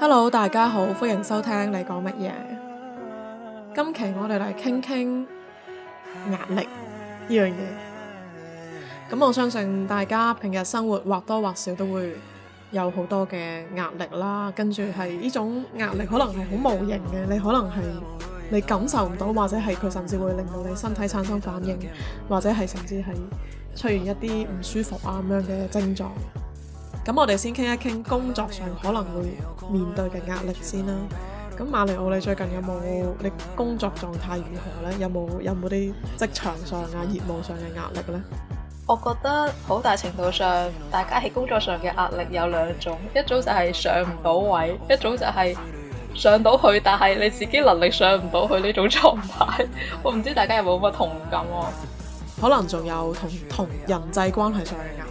Hello，大家好，歡迎收聽你講乜嘢？今期我哋嚟傾傾壓力呢樣嘢。咁我相信大家平日生活或多或少都會有好多嘅壓力啦，跟住係呢種壓力可能係好無形嘅，你可能係你感受唔到，或者係佢甚至會令到你身體產生反應，或者係甚至係出現一啲唔舒服啊咁樣嘅症狀。咁我哋先傾一傾工作上可能會面對嘅壓力先啦。咁瑪利奧，你最近有冇你工作狀態如何咧？有冇有冇啲職場上啊業務上嘅壓力咧？我覺得好大程度上，大家喺工作上嘅壓力有兩種，一種就係上唔到位，一種就係上到去，但係你自己能力上唔到去呢種狀態。我唔知大家有冇乜同感？可能仲有同同人際關係上嘅壓力。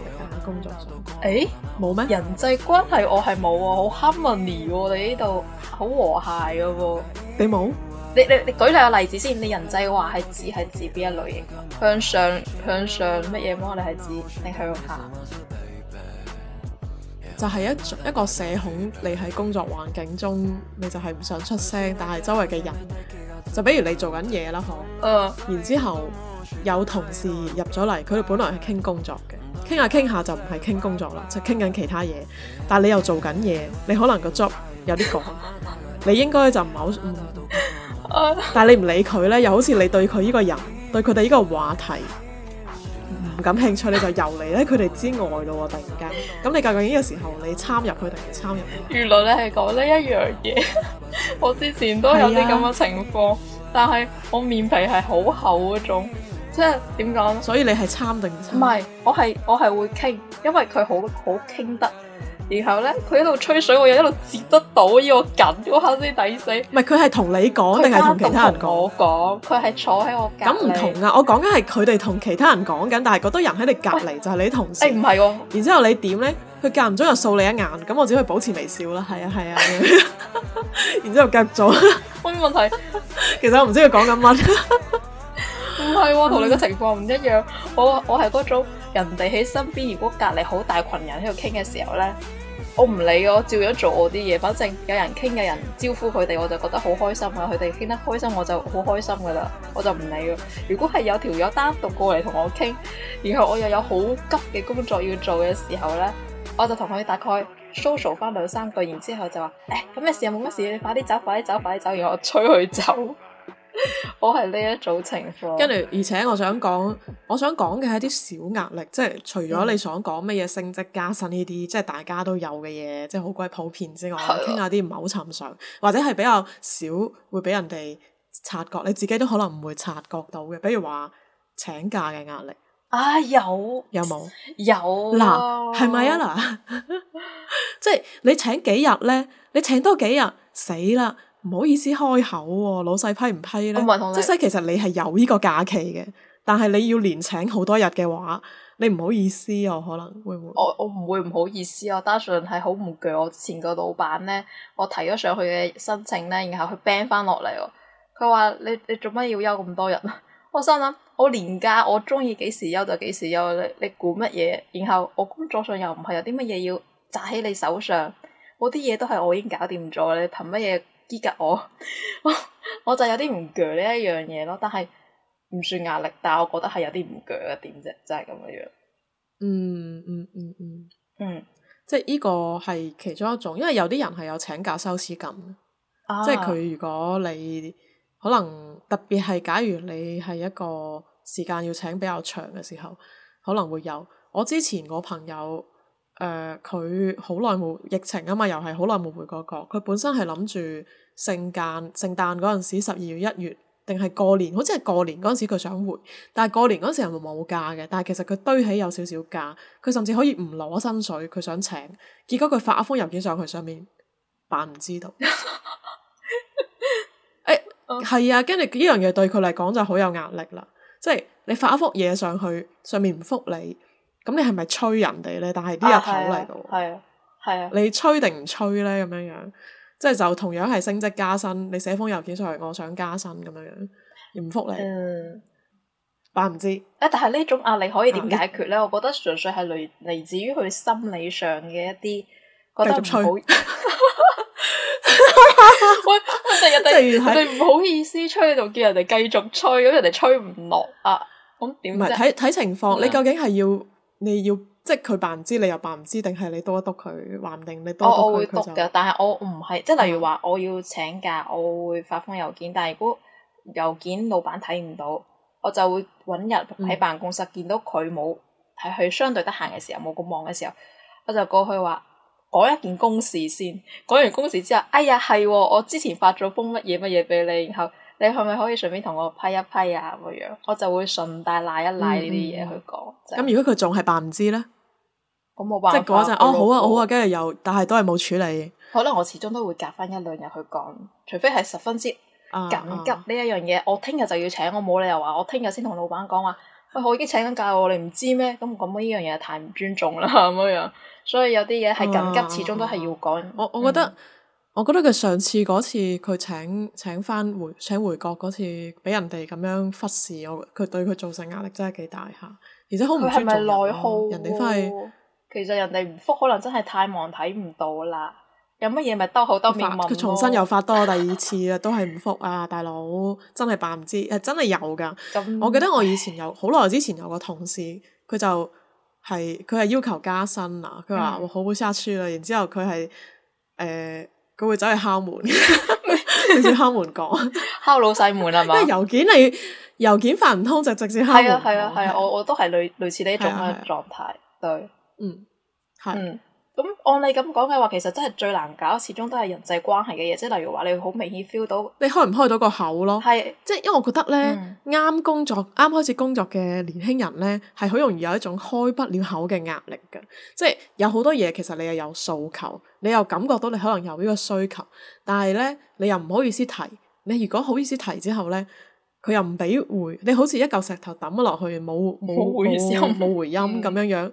工作上，誒，冇咩？人際關係我係冇喎，好 harmony，你呢度，好和諧噶噃。你冇？你你你舉下個例子先。你人際話係指係指邊一類型？向上向上乜嘢麼？你係指定向下？就係一一個社恐，你喺工作環境中，你就係唔想出聲，但係周圍嘅人，就比如你做緊嘢啦，嗬。嗯。然之後有同事入咗嚟，佢哋本來係傾工作嘅。傾下傾下就唔係傾工作啦，就傾緊其他嘢。但係你又做緊嘢，你可能個 job 有啲趕， 你應該就唔係好，嗯。但係你唔理佢咧，又好似你對佢呢個人，對佢哋呢個話題唔感、嗯、興趣，你就遊離咧佢哋之外度啊！突然間，咁你究竟有時候你參入佢定係參入？原來你係講呢一樣嘢， 我之前都有啲咁嘅情況，啊、但係我面皮係好厚嗰種。即係點講咧？所以你係參定唔係？我係我係會傾，因為佢好好傾得。然後咧，佢喺度吹水，我又一路接得到，要緊，要下先抵死。唔係佢係同你講，定係同其他人講？佢係坐喺我隔。咁唔同啊！我講緊係佢哋同其他人講緊，但係嗰堆人喺你隔籬，就係你同事。唔係喎。欸、然之後你點咧？佢間唔中又掃你一眼，咁我只可以保持微笑啦。係啊，係啊。然之後隔咗。冇問題。其實我唔知佢講緊乜。 唔係喎，同、啊、你嘅情況唔一樣。我我係嗰種人哋喺身邊，如果隔離好大群人喺度傾嘅時候呢，我唔理，我照樣做我啲嘢。反正有人傾，有人招呼佢哋，我就覺得好開心啊！佢哋傾得開心，我就好開心噶啦，我就唔理咯。如果係有條友單獨過嚟同我傾，然後我又有好急嘅工作要做嘅時候呢，我就同佢大概 social 翻兩三個，然之後就話，誒、哎，咁咩事又冇乜事，你快啲走，快啲走，快啲走，然後我催佢走。我係呢一組情況，跟住而且我想講， 我想講嘅係啲小壓力，即係除咗你想講乜嘢升職加薪呢啲，即係大家都有嘅嘢，即係好鬼普遍之外，我傾下啲唔係好尋常，或者係比較少會俾人哋察覺，你自己都可能唔會察覺到嘅，比如話請假嘅壓力，啊有有冇有嗱係咪啊嗱，即係、啊、 你請幾日咧？你請多幾日死啦！唔好意思開口喎、哦，老細批唔批呢？即係其實你係有呢個假期嘅，但係你要連請好多日嘅話，你唔好意思有、哦、可能會唔會？我我唔會唔好意思、哦，我單純係好唔攰。我前個老闆呢，我提咗上去嘅申請呢，然後佢 ban 翻落嚟。佢話：你你做乜要休咁多日啊？ 我心諗，我年假我中意幾時休就幾時休，你你估乜嘢？然後我工作上又唔係有啲乜嘢要揸喺你手上，我啲嘢都係我已經搞掂咗，你憑乜嘢？我， 我就有啲唔鋸呢一樣嘢咯。但係唔算壓力，但係我覺得係有啲唔鋸嘅點啫，就係咁嘅樣。嗯嗯嗯嗯嗯，嗯嗯嗯嗯，即係呢個係其中一種，因為有啲人係有請假羞恥感，啊、即係佢如果你可能特別係假如你係一個時間要請比較長嘅時候，可能會有。我之前我朋友。誒，佢好耐冇疫情啊嘛，又係好耐冇回嗰個。佢本身係諗住聖誕聖誕嗰陣時，十二月一月定係過年，好似係過年嗰陣時佢想回，但係過年嗰陣時又冇假嘅。但係其實佢堆起有少少假，佢甚至可以唔攞薪水，佢想請。結果佢發一封郵件上去上面，扮唔知道。誒，係啊，跟住呢樣嘢對佢嚟講就好有壓力啦。即係你發一封嘢上去，上面唔復你。咁你係咪催人哋咧？但係啲日頭嚟嘅，係啊，係啊。你催定唔催咧？咁樣樣，即係就同樣係升職加薪。你寫封郵件上嚟，我想加薪咁樣樣，唔復你，嗯，係唔知。誒，但係呢種壓力可以點解決咧？我覺得純粹係嚟嚟自於佢心理上嘅一啲覺得催，好。喂，我第日第日唔好意思催，就叫人哋繼續催，咁人哋催唔落啊？咁點？睇睇情況，你究竟係要？你要即係佢扮唔知，你又扮唔知，定係你多一督佢？話唔定你多一督佢。哦，我會督嘅，就但係我唔係即係例如話我要請假，嗯、我會發封郵件，但係如果郵件老闆睇唔到，我就會揾日喺辦公室見到佢冇，係佢相對得閒嘅時候，冇咁忙嘅時候，我就過去話講一件公事先，講完公事之後，哎呀係、哦，我之前發咗封乜嘢乜嘢俾你，然後。你係咪可以順便同我批一批啊？咁樣，我就會順帶賴一賴呢啲嘢去講。咁、嗯、就如果佢仲係扮唔知呢？咁冇辦法。即嗰陣，哦好啊好啊，今日又，但係都係冇處理。可能我始終都會隔翻一兩日去講，除非係十分之緊急呢一、啊、樣嘢，我聽日就要請，我冇理由話我聽日先同老闆講話，喂、哎，我已經請緊假，我你唔知咩？咁咁呢樣嘢太唔尊重啦，咁樣。所以有啲嘢係緊急，始終都係要講、啊嗯。我我覺得。我覺得佢上次嗰次佢請請翻回請回國嗰次，俾人哋咁樣忽視我，佢對佢造成壓力真係幾大下，而且好唔尊重人。佢係咪係內耗？人哋翻去，其實人哋唔復，可能真係太忙睇唔到啦。有乜嘢咪多好多面，佢重新又發多第二次啦， 都係唔復啊，大佬真係扮唔知誒，真係有噶。 我記得我以前有好耐之前有個同事，佢就係佢係要求加薪啊。佢話我好冇刷書啦，嗯、然之後佢係誒。呃佢會走去敲門，直接敲門講，敲老細門係嘛？郵件你郵件發唔通，就直接敲門。係啊係啊係啊，啊啊我我都係類類似呢一種嘅狀態。啊啊、對，嗯，係、啊。嗯咁按你咁講嘅話，其實真係最難搞，始終都係人際關係嘅嘢。即係例如話，你好明顯 feel 到你開唔開到個口咯。係是，即係因為我覺得咧，啱、嗯、工作啱開始工作嘅年輕人咧，係好容易有一種開不了口嘅壓力㗎。即係有好多嘢，其實你又有訴求，你又感覺到你可能有呢個需求，但係咧你又唔好意思提。你如果好意思提之後咧，佢又唔俾回，你好似一嚿石頭抌咗落去，冇冇冇冇回音咁樣樣。 嗯。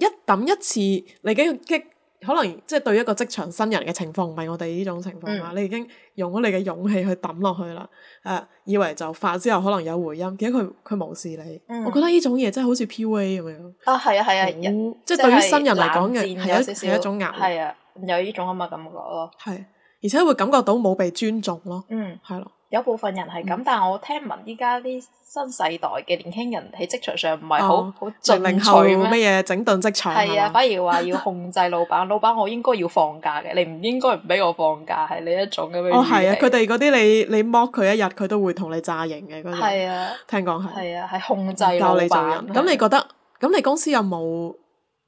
一抌一次，你已經激可能即係對一個職場新人嘅情況，唔係我哋呢種情況啦。嗯、你已經用咗你嘅勇氣去抌落去啦。誒、呃，以為就發之後可能有回音，結果佢佢無視你。嗯、我覺得呢種嘢真係好似 PUA 咁樣啊，係啊係啊，啊啊嗯、即係是、就是、對於新人嚟講嘅係一係一種壓力，係啊，啊，有呢種咁嘅感覺咯。係、啊啊，而且會感覺到冇被尊重咯。嗯，係咯、啊。有部分人係咁，但我聽聞依家啲新世代嘅年輕人喺職場上唔係好好進取，零零後乜嘢，整頓職場。係啊，反而話要控制老闆，老闆我應該要放假嘅，你唔應該唔俾我放假，係呢一種咁樣。哦，係啊，佢哋嗰啲你你剝佢一日，佢都會同你詐型嘅嗰啲，聽講係。係啊，係控制老闆，教你做人。咁你覺得咁你公司有冇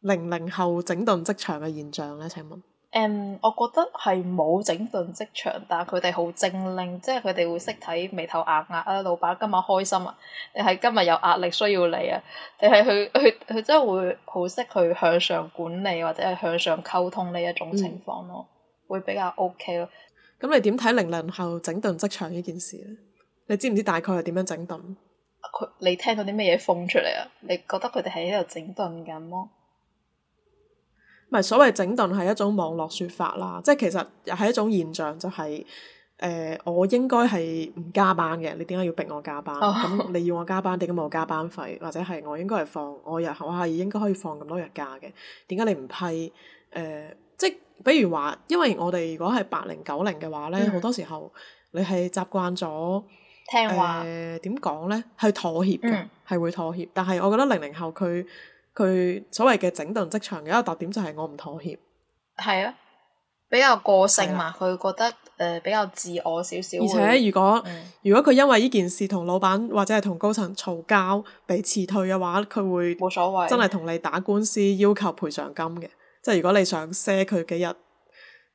零零後整頓職場嘅現象咧？請問？Um, 我覺得係冇整頓職場，但係佢哋好精靈，即係佢哋會識睇眉頭眼額啊。老闆今日開心啊，定係今日有壓力需要你啊？定係佢佢佢真係會好識去向上管理或者係向上溝通呢一種情況咯、啊，嗯、會比較 OK 咯、啊。咁你點睇零零後整頓職場呢件事呢？你知唔知大概係點樣整頓？佢你聽到啲咩嘢風出嚟啊？你覺得佢哋喺度整頓緊麼？唔係所謂整頓係一種網絡説法啦，即係其實係一種現象、就是，就係誒我應該係唔加班嘅，你點解要逼我加班？咁、oh. 你要我加班，點解冇加班費？或者係我應該係放我日我係應該可以放咁多日假嘅？點解你唔批？誒、呃，即係比如話，因為我哋如果係八零九零嘅話咧，好、mm hmm. 多時候你係習慣咗聽話點講咧，係、呃、妥協嘅，係、mm hmm. 會妥協。但係我覺得零零後佢。佢所謂嘅整頓職場嘅一個特點就係我唔妥協，係啊，比較個性嘛，佢、啊、覺得誒、呃、比較自我少少。而且如果、嗯、如果佢因為呢件事同老闆或者係同高層嘈交，被辭退嘅話，佢會冇所謂，真係同你打官司要求賠償金嘅，即係如果你想蝦佢幾日，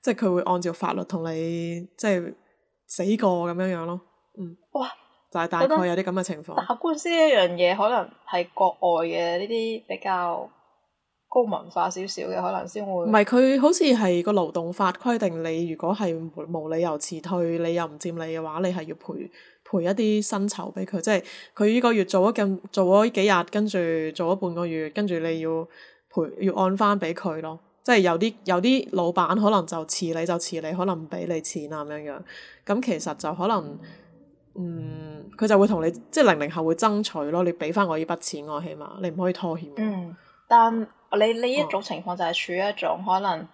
即係佢會按照法律同你即係死過咁樣樣咯，嗯。哇大概有啲咁嘅情況，打官司一樣嘢可能係國外嘅呢啲比較高文化少少嘅，可能先會。唔係佢好似係個勞動法規定，你如果係無，無理由辭退，你又唔佔你嘅話，你係要賠賠一啲薪酬俾佢，即係佢呢個月做咗咁做咗幾日，跟住做咗半個月，跟住你要賠要按翻俾佢咯。即係有啲有啲老闆可能就辭你就辭你，可能唔俾你錢啊咁樣樣。咁其實就可能。嗯嗯，佢就會同你即係零零後會爭取咯，你俾翻我呢筆錢我起碼，你唔可以拖欠。嗯，但你呢一種情況就係處於一種、哦、可能，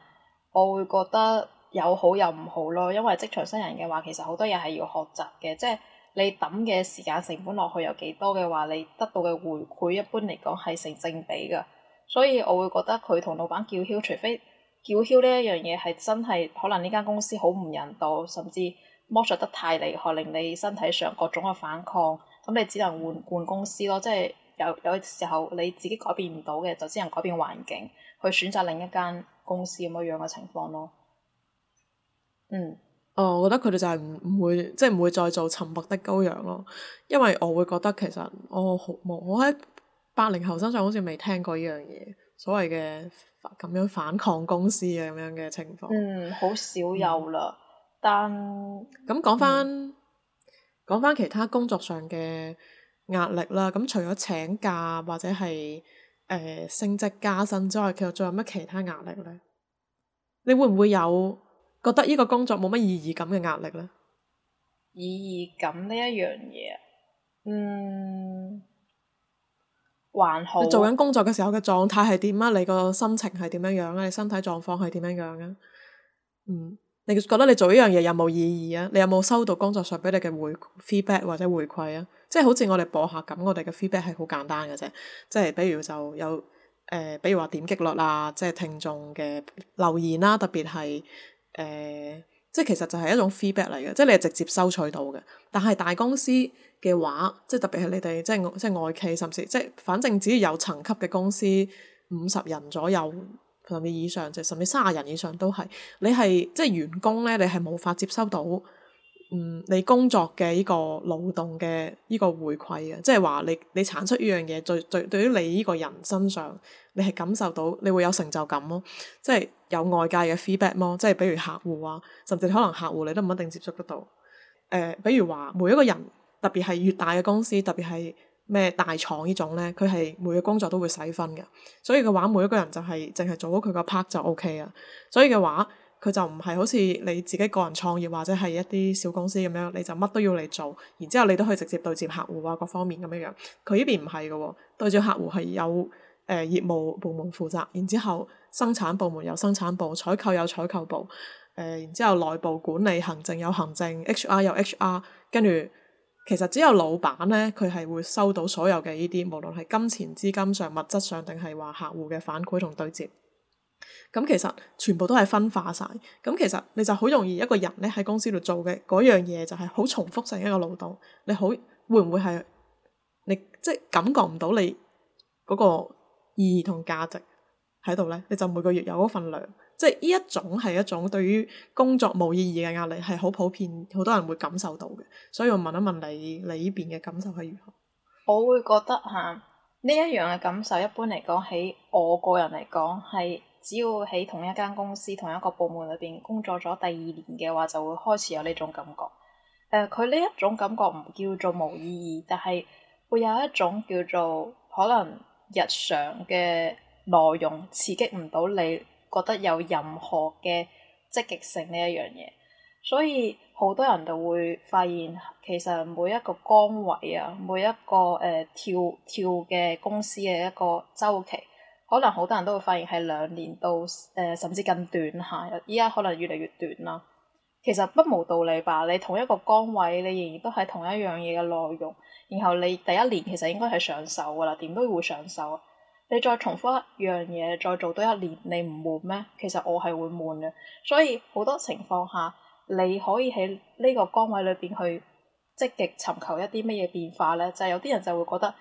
我會覺得有好有唔好咯。因為職場新人嘅話，其實好多嘢係要學習嘅，即係你抌嘅時間成本落去有幾多嘅話，你得到嘅回饋一般嚟講係成正比㗎。所以我會覺得佢同老闆叫囂，除非叫囂呢一樣嘢係真係可能呢間公司好唔人道，甚至，剝削得太厲害，令你身體上各種嘅反抗，咁你只能換換公司咯。即係有有時候你自己改變唔到嘅，就只能改變環境，去選擇另一間公司咁樣嘅情況咯。嗯。哦，我覺得佢哋就係唔唔會，即係唔會再做沉默的羔羊咯。因為我會覺得其實我好我喺八零後身上好似未聽過呢樣嘢，所謂嘅咁樣反抗公司嘅咁樣嘅情況。嗯，好少有啦。嗯但咁講翻講翻其他工作上嘅壓力啦，咁除咗請假或者係誒、呃、升職加薪之外，其實仲有乜其他壓力咧？你會唔會有覺得呢個工作冇乜意義感嘅壓力咧？意義感呢一樣嘢，嗯，還好。你做緊工作嘅時候嘅狀態係點啊？你個心情係點樣樣啊？你身體狀況係點樣樣啊？嗯。你覺得你做呢樣嘢有冇意義啊？你有冇收到工作上畀你嘅回 feedback 或者回饋啊？即係好似我哋播客咁，我哋嘅 feedback 係好簡單嘅啫，即係比如就有誒、呃，比如話點擊率啊，即係聽眾嘅留言啦，特別係誒，即係其實就係一種 feedback 嚟嘅，即係你係直接收取到嘅。但係大公司嘅話，即係特別係你哋即係即係外企，甚至即係反正只要有層級嘅公司五十人左右，甚至以上，即係甚至三十人以上都係，你係即係員工咧，你係冇法接收到，嗯，你工作嘅依個勞動嘅依個回饋嘅，即係話你你產出呢樣嘢，對對對於你依個人身上，你係感受到你會有成就感咯，即係有外界嘅 feedback 咯，即係比如客戶啊，甚至可能客戶你都唔一定接觸得到，誒、呃，比如話每一個人，特別係越大嘅公司，特別係。咩大廠呢種咧，佢係每個工作都會使分嘅，所以嘅話，每一個人就係淨係做好佢個 part 就 OK 啦。所以嘅話，佢就唔係好似你自己個人創業或者係一啲小公司咁樣，你就乜都要你做，然之後你都可以直接對接客戶啊，各方面咁樣樣。佢呢邊唔係嘅喎，對接客戶係有誒、呃、業務部門負責，然之後生產部門有生產部，採購有採購部，誒、呃、然之後內部管理行政有行政，HR 有 HR，跟住。其實只有老闆呢，佢係會收到所有嘅呢啲，無論係金錢、資金上、物質上，定係話客戶嘅反饋同對接。咁其實全部都係分化晒。咁其實你就好容易一個人呢喺公司度做嘅嗰樣嘢，就係好重複性一個勞動。你好會唔會係你即係感覺唔到你嗰個意義同價值喺度呢？你就每個月有嗰份糧。即係呢一種係一種對於工作冇意義嘅壓力，係好普遍，好多人會感受到嘅。所以我問一問你，你呢邊嘅感受係如何？我會覺得吓，呢一樣嘅感受，一般嚟講，喺我個人嚟講，係只要喺同一間公司，同一個部門裏邊工作咗第二年嘅話，就會開始有呢種感覺。誒，佢呢一種感覺唔叫做冇意義，但係會有一種叫做可能日常嘅內容刺激唔到你。覺得有任何嘅積極性呢一樣嘢，所以好多人都會發現，其實每一個崗位啊，每一個誒、呃、跳跳嘅公司嘅一個周期，可能好多人都會發現係兩年到誒、呃，甚至更短下。依家可能越嚟越短啦。其實不無道理吧？你同一個崗位，你仍然都係同一樣嘢嘅內容，然後你第一年其實應該係上手㗎啦，點都會上手。你再重複一樣嘢，再做多一年，你唔悶咩？其實我係會悶嘅，所以好多情況下，你可以喺呢個崗位裏邊去積極尋求一啲乜嘢變化咧。就係、是、有啲人就會覺得，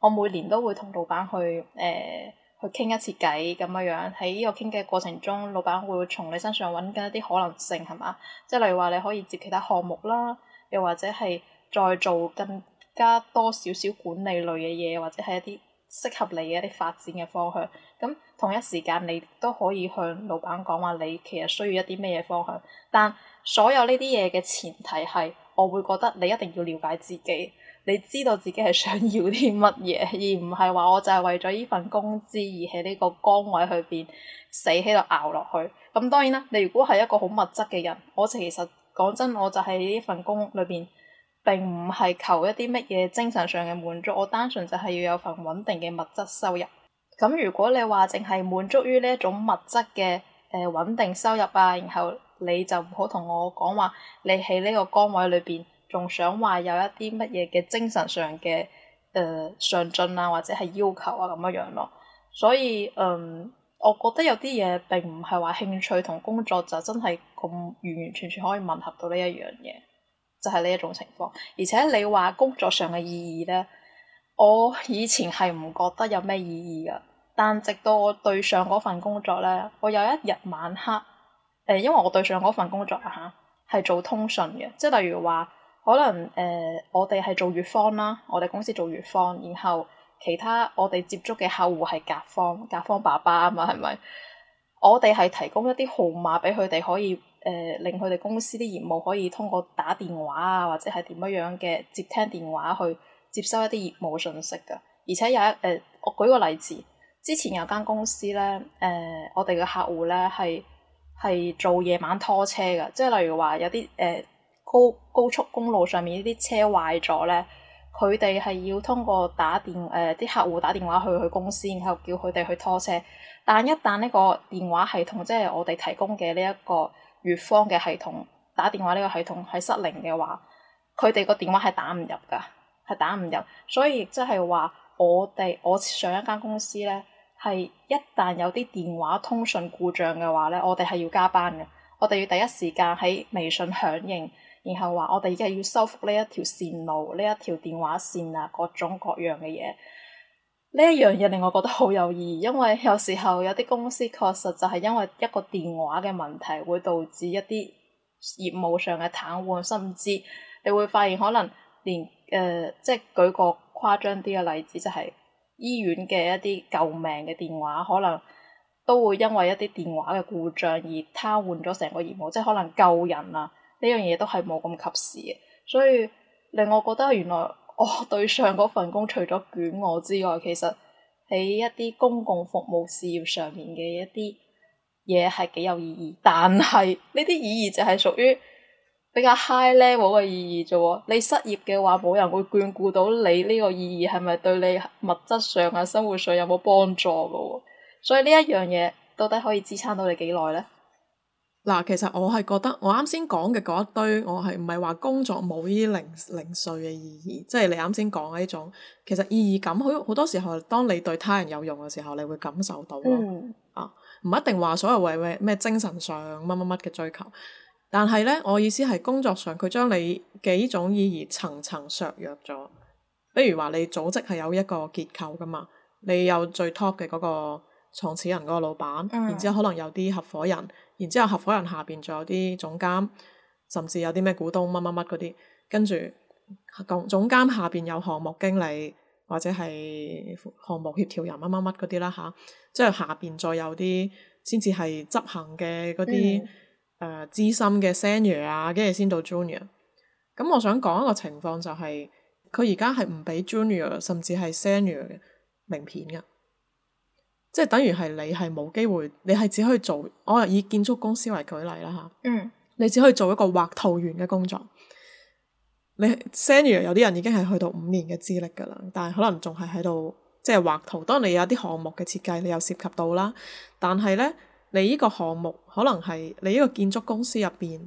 我每年都會同老闆去誒、呃、去傾一次偈咁樣樣，喺呢個傾嘅過程中，老闆會從你身上揾緊一啲可能性係嘛？即係例如話你可以接其他項目啦，又或者係再做更加多少少管理類嘅嘢，或者係一啲。適合你嘅一啲發展嘅方向，咁同一時間你都可以向老闆講話，你其實需要一啲咩嘢方向。但所有呢啲嘢嘅前提係，我會覺得你一定要了解自己，你知道自己係想要啲乜嘢，而唔係話我就係為咗呢份工資而喺呢個崗位去邊死喺度熬落去。咁當然啦，你如果係一個好物質嘅人，我其實講真，我就喺呢份工裏邊。並唔係求一啲乜嘢精神上嘅滿足，我單純就係要有份穩定嘅物質收入。咁如果你話淨係滿足於呢一種物質嘅誒、呃、穩定收入啊，然後你就唔好同我講話你喺呢個崗位裏邊仲想話有一啲乜嘢嘅精神上嘅誒、呃、上進啊，或者係要求啊咁樣樣咯。所以嗯、呃，我覺得有啲嘢並唔係話興趣同工作就真係咁完完全全可以吻合到呢一樣嘢。就係呢一種情況，而且你話工作上嘅意義咧，我以前係唔覺得有咩意義嘅。但直到我對上嗰份工作咧，我有一日晚黑，誒、呃，因為我對上嗰份工作嚇係做通訊嘅，即係例如話，可能誒、呃、我哋係做乙方啦，我哋公司做乙方，然後其他我哋接觸嘅客戶係甲方，甲方爸爸啊嘛，係咪？我哋係提供一啲號碼俾佢哋可以。誒、呃、令佢哋公司啲業務可以通過打電話啊，或者係點乜樣嘅接聽電話去接收一啲業務信息嘅。而且有一誒、呃，我舉個例子，之前有間公司咧，誒、呃、我哋嘅客戶咧係係做夜晚拖車嘅，即係例如話有啲誒、呃、高高速公路上面呢啲車壞咗咧，佢哋係要通過打電誒啲、呃、客戶打電話去佢公司，然後叫佢哋去拖車。但一旦呢個電話系統即係我哋提供嘅呢一個乙方嘅系統打電話呢個系統係失靈嘅話，佢哋個電話係打唔入㗎，係打唔入。所以即係話我哋我上一間公司呢，係一旦有啲電話通訊故障嘅話呢，我哋係要加班嘅，我哋要第一時間喺微信響應，然後話我哋而家要修復呢一條線路、呢一條電話線啊，各種各樣嘅嘢。呢一樣嘢令我覺得好有意義，因為有時候有啲公司確實就係因為一個電話嘅問題，會導致一啲業務上嘅癱瘓，甚至你會發現可能連誒、呃，即係舉個誇張啲嘅例子，就係、是、醫院嘅一啲救命嘅電話，可能都會因為一啲電話嘅故障而癱瘓咗成個業務，即係可能救人啊呢樣嘢都係冇咁及時嘅，所以令我覺得原來。我、oh，對上嗰份工除咗捲我之外，其實喺一啲公共服務事業上面嘅一啲嘢係幾有意義，但係呢啲意義就係屬於比較 high level 嘅意義啫喎。你失業嘅話，冇人會眷顧到你呢、呢個意義係咪對你物質上啊生活上有冇幫助噶喎？所以呢一樣嘢到底可以支撐到你幾耐咧？嗱，其實我係覺得我啱先講嘅嗰一堆，我係唔係話工作冇呢啲零零碎嘅意義，即係你啱先講嘅呢種。其實意義感好好多時候，當你對他人有用嘅時候，你會感受到、嗯、啊。啊，唔一定話所謂咩咩精神上乜乜乜嘅追求，但係咧，我意思係工作上佢將你嘅呢種意義層層削弱咗。比如話，你組織係有一個結構噶嘛，你有最 top 嘅嗰個創始人嗰個老闆，嗯、然之後可能有啲合夥人。然之後合夥人下邊仲有啲總監，甚至有啲咩股東乜乜乜嗰啲，跟住總監下邊有項目經理或者係項目協調人乜乜乜嗰啲啦嚇，即係下邊再有啲先至係執行嘅嗰啲誒資深嘅 senior 啊，跟住先到 junior。咁我想講一個情況就係佢而家係唔畀 junior 甚至係 senior 嘅名片嘅。即係等於係你係冇機會，你係只可以做。我以建築公司為舉例啦吓，嗯、你只可以做一個畫圖員嘅工作。你 send 完，Senior，有啲人已經係去到五年嘅資歷噶啦，但係可能仲係喺度即係畫圖。當你有啲項目嘅設計你又涉及到啦，但係咧，你呢個項目可能係你呢個建築公司入邊，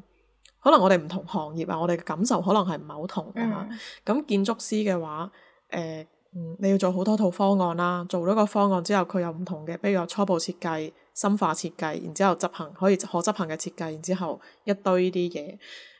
可能我哋唔同行業啊，我哋嘅感受可能係唔係好同嘅吓。咁、嗯、建築師嘅話，誒、呃。嗯，你要做好多套方案啦，做咗個方案之後，佢有唔同嘅，比如有初步設計、深化設計，然之後執行可以可執行嘅設計，然之後一堆啲嘢。誒、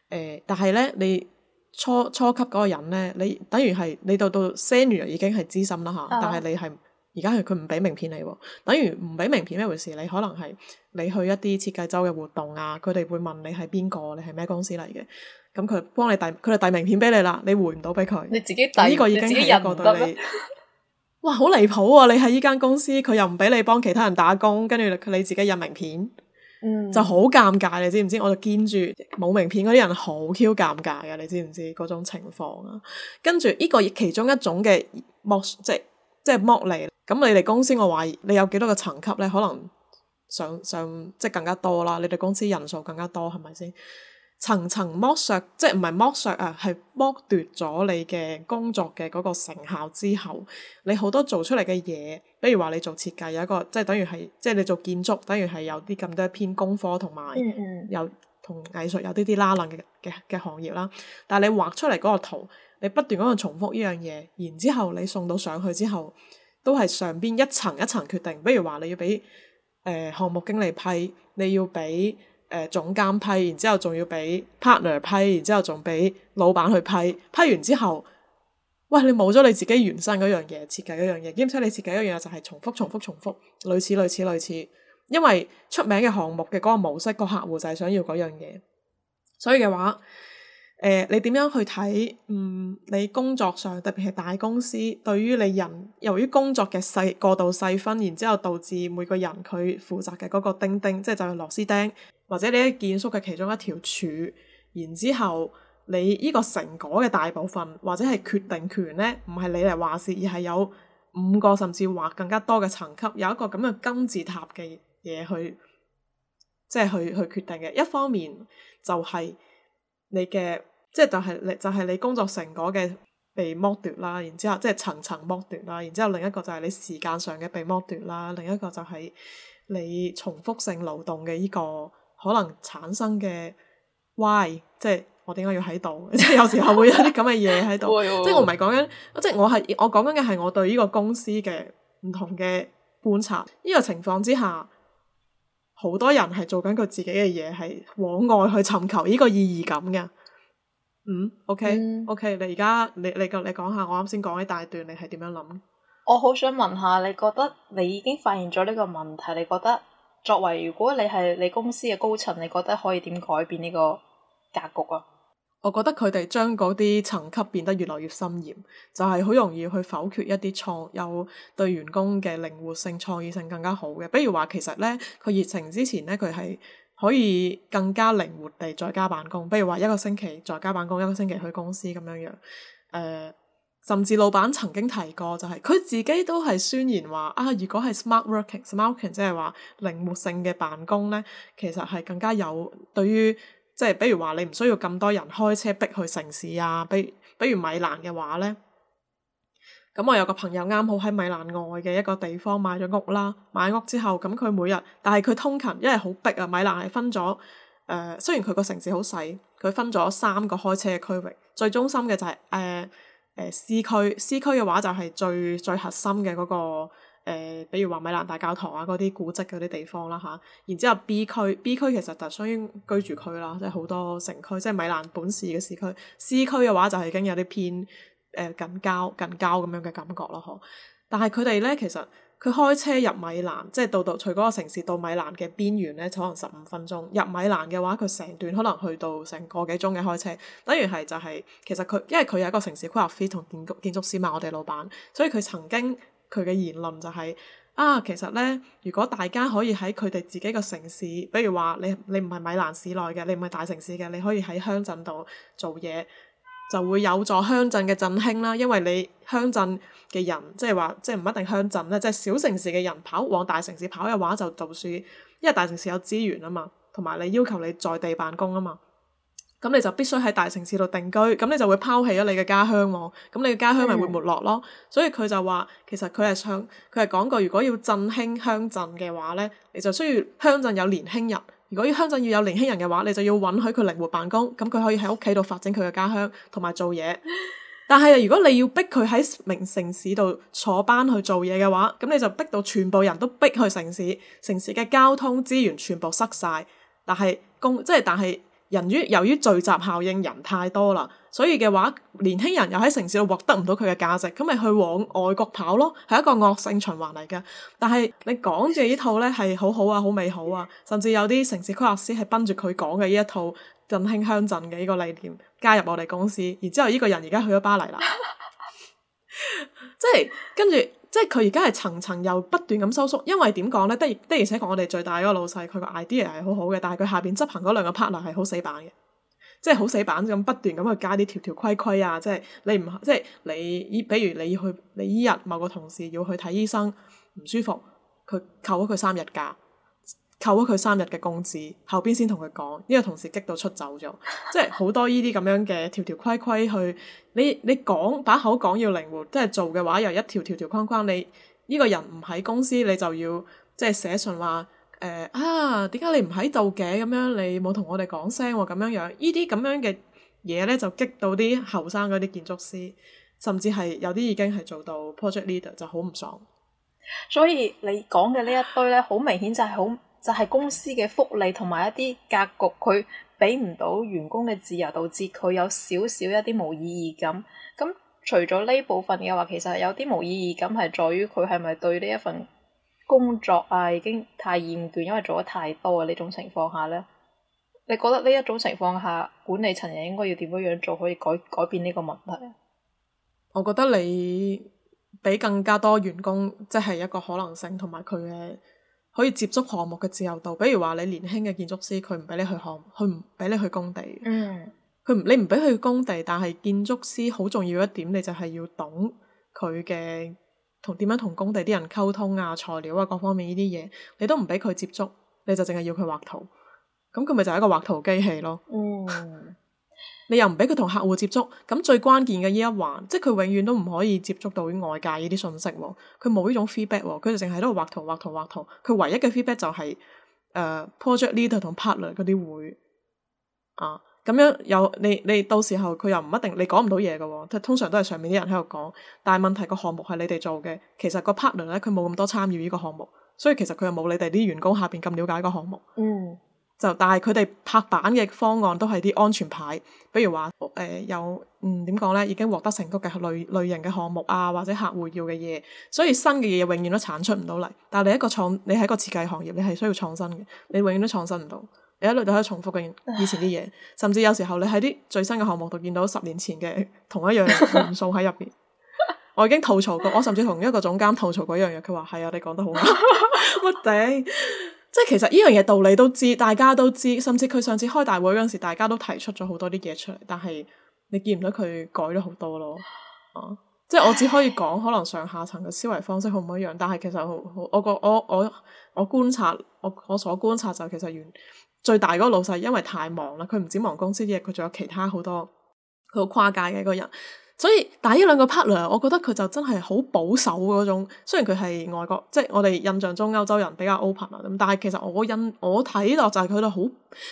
呃，但係咧，你初初級嗰個人咧，你等於係你到到 Senior 已經係資深啦嚇，啊、但係你係而家係佢唔俾名片你喎，等於唔俾名片咩回事？你可能係你去一啲設計周嘅活動啊，佢哋會問你係邊個，你係咩公司嚟嘅。咁佢幫你遞，佢哋遞名片俾你啦，你回唔到俾佢。你自己遞，呢個已經係一個對你，你自己印得。 哇，好離譜啊！你喺呢間公司，佢又唔俾你幫其他人打工，跟住你自己印名片，嗯、就好尷尬。你知唔知？我就見住冇名片嗰啲人好 Q 尷尬嘅，你知唔知嗰種情況啊？跟住呢個其中一種嘅剝，即係即係剝離。咁你哋公司，我懷疑你有幾多個層級咧？可能上上即係更加多啦。你哋公司人數更加多，係咪先？層層剝削，即係唔係剝削啊？係剝奪咗你嘅工作嘅嗰個成效之後，你好多做出嚟嘅嘢，比如話你做設計有一個，即係等於係即係你做建築，等於係有啲咁多偏工科同埋有同藝術有啲啲拉楞嘅嘅嘅行業啦。但係你畫出嚟嗰個圖，你不斷嗰個重複呢樣嘢，然之後你送到上去之後，都係上邊一層一層決定。比如話你要俾誒、呃、項目經理批，你要俾。誒、呃、總監批，然之後仲要俾 partner 批，然之後仲俾老闆去批，批完之後，喂，你冇咗你自己原生嗰樣嘢，設計嗰樣嘢，兼且你設計嗰樣嘢就係重複重複重複，類似類似類似，類似，因為出名嘅項目嘅嗰個模式，個客戶就係想要嗰樣嘢，所以嘅話，誒、呃、你點樣去睇？嗯，你工作上特別係大公司，對於你人由於工作嘅細過度細分，然之後導致每個人佢負責嘅嗰個釘釘，即係就係、是、螺絲釘。或者你喺建築嘅其中一條柱，然之後你呢個成果嘅大部分或者係決定權咧，唔係你嚟話事，而係有五個甚至話更加多嘅層級，有一個咁嘅金字塔嘅嘢去，即係去去決定嘅。一方面就係你嘅，即係就係你就係你工作成果嘅被剝奪啦，然之後即係層層剝奪啦，然之後另一個就係你時間上嘅被剝奪啦，另一個就係你重複性勞動嘅呢個。可能產生嘅 why，即係我點解要喺度？ 即係有時候會有啲咁嘅嘢喺度。 即係我唔係講緊， 即係我係我講緊嘅係我對呢個公司嘅唔同嘅觀察。呢個情況之下，好多人係做緊佢自己嘅嘢，係往外去尋求呢個意義感嘅。嗯，OK，OK，okay？嗯 okay，你而家你你講下，我啱先講嘅大段，你係點樣諗？我好想問下，你覺得你已經發現咗呢個問題，你覺得？作為如果你係你公司嘅高層，你覺得可以點改變呢個格局啊？我覺得佢哋將嗰啲層級變得越來越森嚴，就係、是、好容易去否決一啲創有對員工嘅靈活性、創意性更加好嘅。比如話，其實咧佢熱情之前咧佢係可以更加靈活地在家辦公，比如話一個星期在家辦公，一個星期去公司咁樣樣誒。呃甚至老闆曾經提過，就係、是、佢自己都係宣言話啊。如果係 smart working smart working 即係話靈活性嘅辦公呢，其實係更加有對於即係，就是、比如話你唔需要咁多人開車逼去城市啊。比比如米蘭嘅話呢。嗯，咁我有個朋友啱好喺米蘭外嘅一個地方買咗屋啦。買屋之後咁佢每日，但係佢通勤，因為好逼啊。米蘭係分咗誒、呃，雖然佢個城市好細，佢分咗三個開車嘅區域，最中心嘅就係、是、誒。呃誒 C 區，C 區嘅話就係最最核心嘅嗰、那個、呃、比如話米蘭大教堂啊嗰啲古跡嗰啲地方啦、啊、吓，然之後 B 區，B 區其實就屬於居住區啦，即係好多城區，即、就、係、是、米蘭本市嘅市區。C 區嘅話就係已經有啲偏誒近郊、近郊咁樣嘅感覺咯，嗬。但係佢哋咧其實～佢開車入米蘭，即係到到除嗰個城市到米蘭嘅邊緣呢，可能十五分鐘。入米蘭嘅話，佢成段可能去到成個幾鐘嘅開車。等於係就係、是、其實佢，因為佢係一個城市規劃師同建築建築師嘛，我哋老闆，所以佢曾經佢嘅言論就係、是、啊，其實呢，如果大家可以喺佢哋自己嘅城市，比如話你你唔係米蘭市內嘅，你唔係大城市嘅，你可以喺鄉鎮度做嘢。就會有助鄉鎮嘅振興啦，因為你鄉鎮嘅人，即係話即係唔一定鄉鎮咧，即係小城市嘅人跑往大城市跑嘅話，就就算，因為大城市有資源啊嘛，同埋你要求你在地辦公啊嘛，咁你就必須喺大城市度定居，咁你就會拋棄咗你嘅家鄉喎，咁你嘅家鄉咪會沒落咯。所以佢就話，其實佢係想，佢係講過，如果要振興鄉鎮嘅話咧，你就需要鄉鎮有年輕人。如果鄉鎮要有年輕人嘅話，你就要允許佢靈活辦公，咁佢可以喺屋企度發展佢嘅家鄉同埋做嘢。但係如果你要逼佢喺名城市度坐班去做嘢嘅話，咁你就逼到全部人都逼去城市，城市嘅交通資源全部塞晒。但係公，即係但係人，於由於聚集效應人太多啦。所以嘅話，年輕人又喺城市度獲得唔到佢嘅價值，咁咪去往外國跑咯，係一個惡性循環嚟㗎。但係你講住呢套咧係好好啊、好美好啊，甚至有啲城市規劃師係奔住佢講嘅呢一套，振興鄉鎮嘅呢個理念加入我哋公司。然之後呢個人而家去咗巴黎啦 ，即係跟住即係佢而家係層層又不斷咁收縮，因為點講咧？的而的而且確，我哋最大嗰個老細佢個 idea 係好好嘅，但係佢下邊執行嗰兩個 partner 係好死板嘅。即係好死板咁不斷咁去加啲條條規規啊！即係你唔即係你比如你去你呢日某個同事要去睇醫生唔舒服，佢扣咗佢三日假，扣咗佢三日嘅工資，後邊先同佢講，呢個同事激到出走咗。即係好多呢啲咁樣嘅條條規規去，你你講把口講要靈活，即係做嘅話又一條條條框框。你呢個人唔喺公司，你就要即係寫信話啊。啊！點解你唔喺度嘅？咁樣你冇同我哋講聲喎，咁樣樣，呢啲咁樣嘅嘢咧，就激到啲後生嗰啲建築師，甚至係有啲已經係做到 project leader 就好唔爽。所以你講嘅呢一堆咧，好明顯就係好就係、是、公司嘅福利同埋一啲格局，佢俾唔到員工嘅自由，導致佢有少少一啲冇意義感。咁除咗呢部分嘅話，其實有啲冇意義感係在於佢係咪對呢一份？工作啊，已經太厭倦，因為做得太多啊！呢種情況下咧，你覺得呢一種情況下，管理層應應該要點樣樣做，可以改改變呢個問題啊？我覺得你俾更加多員工，即係一個可能性，同埋佢嘅可以接觸項目嘅自由度。比如話你年輕嘅建築師佢唔俾你去項目，佢唔俾你去工地。嗯。佢唔，你唔俾佢去工地，但係建築師好重要一點你就係要懂佢嘅。同點樣同工地啲人溝通啊、材料啊各方面呢啲嘢，你都唔畀佢接觸，你就淨係要佢畫圖，咁佢咪就係一個畫圖機器咯。嗯、 你又唔畀佢同客戶接觸，咁最關鍵嘅呢一環，即係佢永遠都唔可以接觸到外界呢啲信息喎，佢冇呢種 feedback 喎，佢就淨係喺度畫圖、畫圖、畫圖，佢唯一嘅 feedback 就係、是、誒、uh, project leader 同 partner 嗰啲會啊。咁樣有你，你到時候佢又唔一定，你講唔到嘢㗎，通常都係上面啲人喺度講。但係問題，個項目係你哋做嘅，其實個 partner 咧，佢冇咁多參與呢個項目，所以其實佢又冇你哋啲員工下邊咁了解個項目。嗯，就，就但係佢哋拍板嘅方案都係啲安全牌，比如話誒、呃、有嗯，點講咧，已經獲得成功嘅類類型嘅項目啊，或者客戶要嘅嘢，所以新嘅嘢永遠都產出唔到嚟。但係你一個創，你喺個設計行業，你係需要創新嘅，你永遠都創新唔到。你一路都喺度重複緊以前啲嘢，甚至有時候你喺啲最新嘅項目度見到十年前嘅同一樣元素喺入邊。 我已經吐槽過，我甚至同一個總監吐槽過一樣嘢，佢話係啊，你講得好，乜頂？ 麼 即係其實呢樣嘢道理都知，大家都知，甚至佢上次開大會嗰陣時，大家都提出咗好多啲嘢出嚟，但係你見唔到佢改咗好多咯。啊，即係我只可以講，可能上下層嘅思維方式好唔一樣，但係其實我我我我我觀察，我我所觀察就其實原。最大嗰老細，因為太忙啦，佢唔止忙公司啲嘢，佢仲有其他好多，佢好跨界嘅一個人。所以，但係呢兩個 partner，我覺得佢就真係好保守嗰種。雖然佢係外國，即係我哋印象中歐洲人比較 open 啊，咁但係其實我印我睇落就係佢哋好，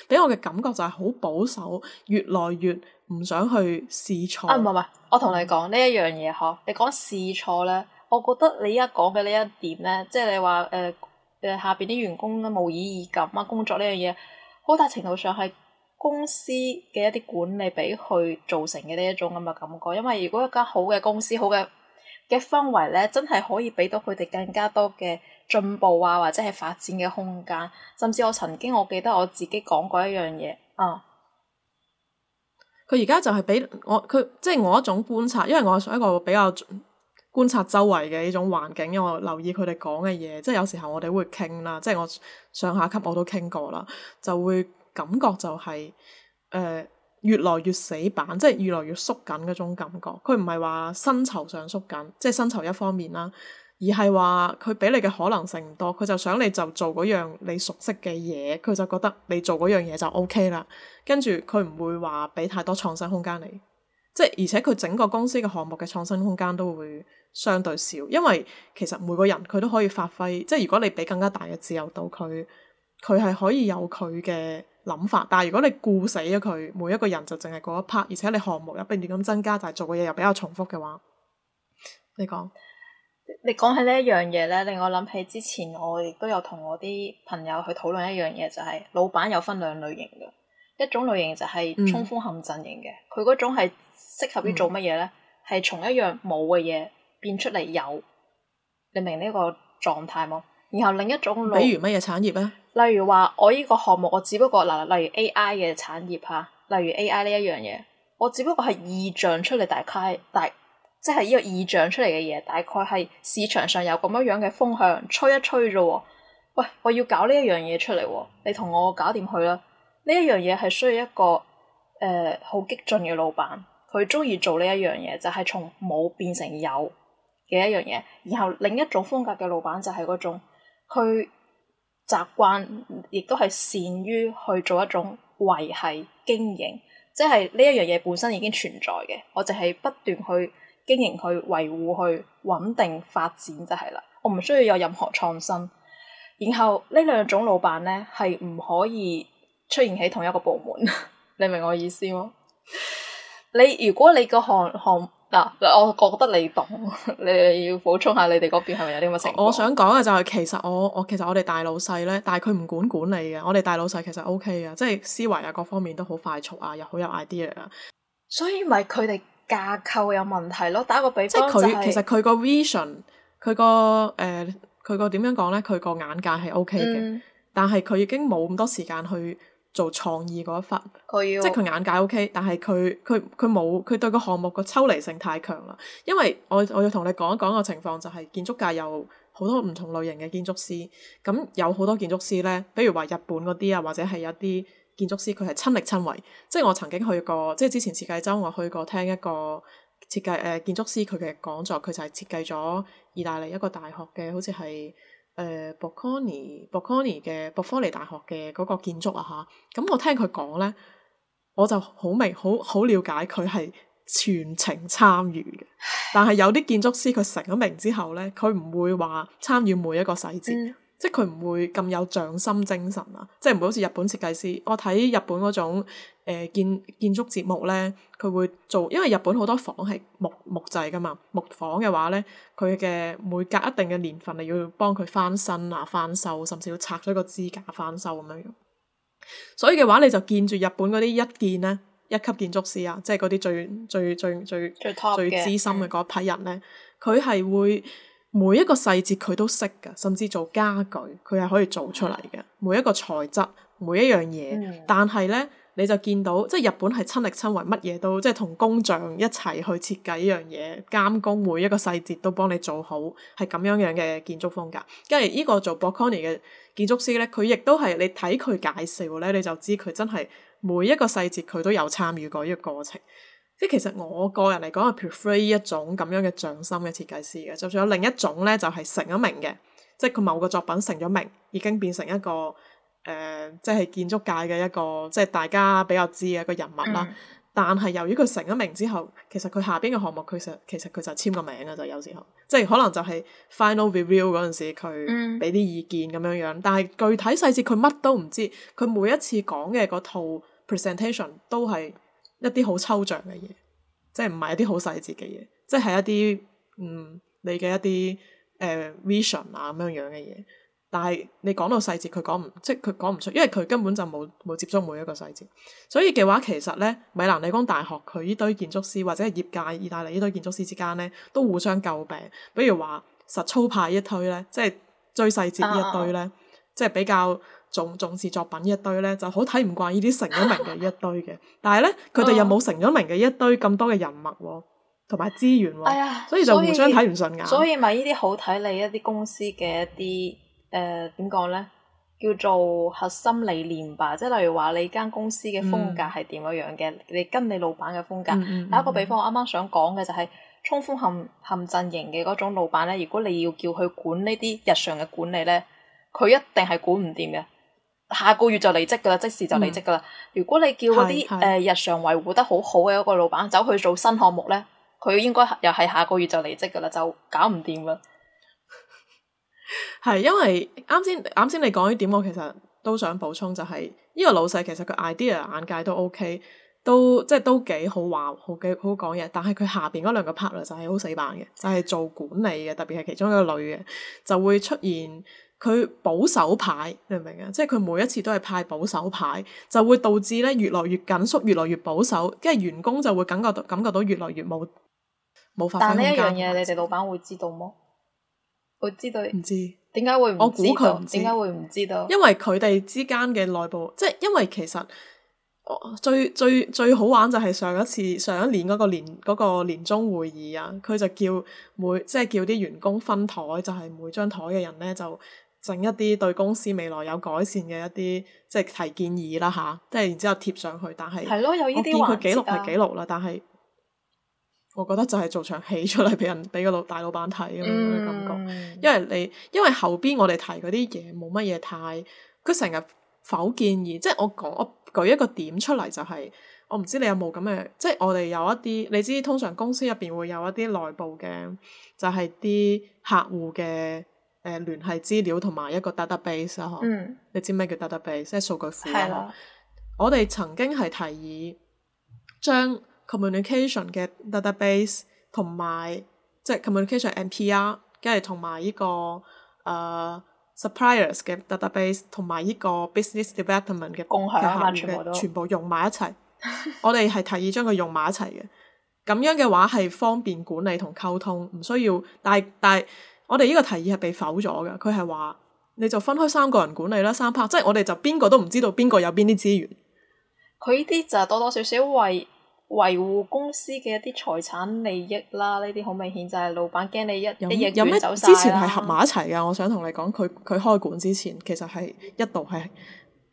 俾我嘅感覺就係好保守，越來越唔想去試錯。啊，唔係唔係，我同你講呢一樣嘢呵，嗯、你講試錯咧，我覺得你而家講嘅呢一點咧，即係你話誒誒下邊啲員工都冇意義感啊，工作呢樣嘢。好大程度上係公司嘅一啲管理俾佢造成嘅呢一種咁嘅感覺，因為如果一間好嘅公司、好嘅嘅氛圍咧，真係可以俾到佢哋更加多嘅進步啊，或者係發展嘅空間。甚至我曾經我記得我自己講過一樣嘢，啊、嗯，佢而家就係俾我，佢即係我一種觀察，因為我係一個比較。觀察周圍嘅呢種環境，因為我留意佢哋講嘅嘢，即係有時候我哋會傾啦，即係我上下級我都傾過啦，就會感覺就係、是、誒、呃、越來越死板，即係越來越縮緊嗰種感覺。佢唔係話薪酬上縮緊，即係薪酬一方面啦，而係話佢俾你嘅可能性唔多，佢就想你就做嗰樣你熟悉嘅嘢，佢就覺得你做嗰樣嘢就 O K 啦。跟住佢唔會話俾太多創新空間你，即係而且佢整個公司嘅項目嘅創新空間都會。相對少，因為其實每個人佢都可以發揮，即係如果你俾更加大嘅自由度佢，佢係可以有佢嘅諗法。但係如果你固死咗佢，每一個人就淨係嗰一 part，而且你項目又不斷咁增加，但係做嘅嘢又比較重複嘅話，你講，你講起呢一樣嘢咧，令我諗起之前我亦都有同我啲朋友去討論一樣嘢，就係老闆有分兩類型嘅，一種類型就係衝鋒陷陣型嘅，佢嗰、嗯、種係適合於做乜嘢咧？係、嗯、從一樣冇嘅嘢。變出嚟有，你明呢個狀態冇？然後另一種，比如乜嘢產業咧？例如話我呢個項目，我只不過嗱，例如 AI 嘅產業吓，例如 AI 呢一樣嘢，我只不過係意象出嚟，大概大，即係呢個意象出嚟嘅嘢，大概係市場上有咁樣樣嘅風向，吹一吹啫。喂，我要搞呢一樣嘢出嚟喎，你同我搞掂佢啦。呢一樣嘢係需要一個誒好、呃、激進嘅老闆，佢中意做呢一樣嘢，就係從冇變成有。嘅一樣嘢，然後另一種風格嘅老闆就係嗰種，佢習慣，亦都係善於去做一種維係經營，即係呢一樣嘢本身已經存在嘅，我就係不斷去經營、去維護、去穩定發展就係啦，我唔需要有任何創新。然後呢兩種老闆咧，係唔可以出現喺同一個部門， 你明我意思嗎？你如果你個行行，行嗱、啊，我覺得你當你要補充下你哋嗰邊係咪有啲咁嘅情況？我，我想講嘅就係其實我我其實我哋大老細咧，但係佢唔管管理嘅，我哋大老細其實 OK 嘅，即係思維啊各方面都好快速啊，又好有 idea 啊，所以咪佢哋架構有問題咯。打個比方、就係、即係佢其實佢個 vision，佢個誒佢個點樣講咧？佢個眼界係 OK 嘅，嗯、但係佢已經冇咁多時間去做創意嗰一忽， 即係佢眼界 OK，但係佢佢佢冇佢對個項目個抽離性太強啦。因為我我要同你講一講個情況，就係建築界有好多唔同類型嘅建築師，咁有好多建築師呢，比如話日本嗰啲啊，或者係一啲建築師佢係親力親為。即係我曾經去過，即係之前設計周我去過聽一個設計誒、呃、建築師佢嘅講座，佢就係設計咗意大利一個大學嘅，好似係。誒，博科尼、博科尼嘅博科尼大學嘅嗰個建築啊嚇，咁我聽佢講咧，我就好明好好了解佢係全程參與嘅。但係有啲建築師佢成咗名之後咧，佢唔會話參與每一個細節，嗯、即係佢唔會咁有匠心精神啊，即係唔會好似日本設計師。我睇日本嗰種。誒建建築節目咧，佢會做，因為日本好多房係木木製噶嘛，木房嘅話咧，佢嘅每隔一定嘅年份，你要幫佢翻新啊、翻修，甚至要拆咗個支架翻修咁樣。所以嘅話，你就見住日本嗰啲一建咧，一級建築師啊，即係嗰啲最最最最最最 top 最資深嘅嗰批人咧，佢係會每一個細節佢都識噶，甚至做家具，佢係可以做出嚟嘅，嗯、每一個材質、每一樣嘢，嗯、但係咧。你就見到，即係日本係親力親為，乜嘢都即係同工匠一齊去設計呢樣嘢，監工每一個細節都幫你做好，係咁樣樣嘅建築風格。跟住呢個做 Bocconi 嘅建築師咧，佢亦都係你睇佢介紹咧，你就知佢真係每一個細節佢都有參與過呢個過程。即係其實我個人嚟講係 prefer 一種咁樣嘅匠心嘅設計師嘅，就算有另一種咧，就係、是、成咗名嘅，即係佢某個作品成咗名，已經變成一個。誒、呃，即係建築界嘅一個，即係大家比較知嘅一個人物啦。嗯、但係由於佢成咗名之後，其實佢下邊嘅項目，其實其實佢就簽個名啊，就有時候，即係可能就係 final review 嗰陣時，佢俾啲意見咁樣樣。但係具體細節佢乜都唔知。佢每一次講嘅嗰套 presentation 都係一啲好抽象嘅嘢，即係唔係一啲好細節嘅嘢，即係一啲嗯，你嘅一啲誒、呃、vision 啊咁樣樣嘅嘢。但係你講到細節，佢講唔，即係佢講唔出，因為佢根本就冇冇接觸每一個細節。所以嘅話，其實咧，米蘭理工大學佢呢堆建築師或者係業界意大利呢堆建築師之間咧，都互相詬病。比如話實操派一堆咧，即係追細節一呢一堆咧，即係、啊啊啊啊、比較重重視作品一堆咧，就好睇唔慣 呢啲成咗名嘅依一堆嘅。但係咧，佢哋又冇成咗名嘅一堆咁多嘅人物喎、哦，同埋資源喎、哦，哎、呀所以就互相睇唔順眼所。所以咪呢啲好睇你一啲公司嘅一啲。誒點講咧，叫做核心理念吧。即係例如話，你間公司嘅風格係點樣樣嘅，嗯、你跟你老闆嘅風格打、嗯嗯、一個比方。我啱啱想講嘅就係衝鋒陷陷陣營嘅嗰種老闆咧，如果你要叫佢管呢啲日常嘅管理咧，佢一定係管唔掂嘅。下個月就離職噶啦，即時就離職噶啦。嗯、如果你叫嗰啲誒日常維護得好好嘅一個老闆走去做新項目咧，佢應該又係下個月就離職噶啦，就搞唔掂啦。係，因為啱先啱先你講呢點，我其實都想補充就係呢個老細其實佢 idea 眼界、都 OK，都即係都幾好話，好幾好講嘢。但係佢下邊嗰兩個 partner 就係好死板嘅，就係做管理嘅，特別係其中一個女嘅，就會出現佢保守派，你明唔明啊？即係佢每一次都係派保守派，就會導致咧，越嚟越緊縮，越嚟越保守，跟住員工就會感覺到感覺到越嚟越冇冇發揮空間。但係呢一樣嘢，你哋老闆會知道麼？我知道，點解會唔？我估佢唔知，點解會唔知道？因為佢哋之間嘅內部，即係因為其實，最最最好玩就係上一次上一年嗰個年嗰個年終會議啊，佢就叫每即係叫啲員工分台，就係每張台嘅人咧就整一啲對公司未來有改善嘅一啲即係提建議啦吓，即係然之後貼上去，但係係咯，有呢啲環節啊，佢記錄係記錄啦，但係。我覺得就係做場戲出嚟，俾人俾個老大老闆睇咁嘅感覺，嗯、因為你因為後邊我哋提嗰啲嘢冇乜嘢太，佢成日否建議，即係我講我舉一個點出嚟就係、是，我唔知你有冇咁嘅，即係我哋有一啲，你知通常公司入邊會有一啲內部嘅，就係、是、啲客戶嘅誒聯繫資料同埋一個 database 啊、嗯，你知咩叫 database 即係數據庫的，我哋曾經係提議將。將 communication 嘅 database 同埋即係 communication MPR，跟住同埋依個誒、呃、suppliers 嘅 database 同埋依個 business development 嘅共享是全，全部用埋一齊。 我哋係提議將佢用埋一齊嘅，咁樣嘅話，係方便管理同溝通，唔需要但係，但係我哋呢個提議係被否咗嘅。佢係話：「你就分開三個人管理啦，三 part，即係我哋就邊個都唔知道邊個有邊啲資源。」佢呢啲就多多少少為維護公司嘅一啲財產利益啦，呢啲好明顯就係、是、老闆驚你一你一走曬。有咩之前係合埋一齊嘅？嗯、我想同你講，佢佢開館之前其實係一度係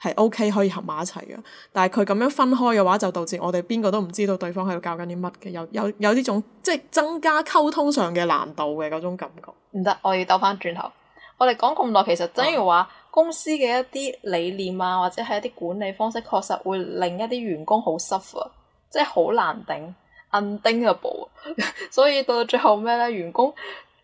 係 O K 可以合埋一齊嘅。但係佢咁樣分開嘅話，就導致我哋邊個都唔知道對方喺度教緊啲乜嘅。有有有呢種即係增加溝通上嘅難度嘅嗰種感覺。唔得，我要兜翻轉頭。我哋講咁耐，其實真係話公司嘅一啲理念啊，或者係一啲管理方式，確實會令一啲員工好 soft 啊。即係好難頂，硬釘嘅保， 所以到最後咩呢？員工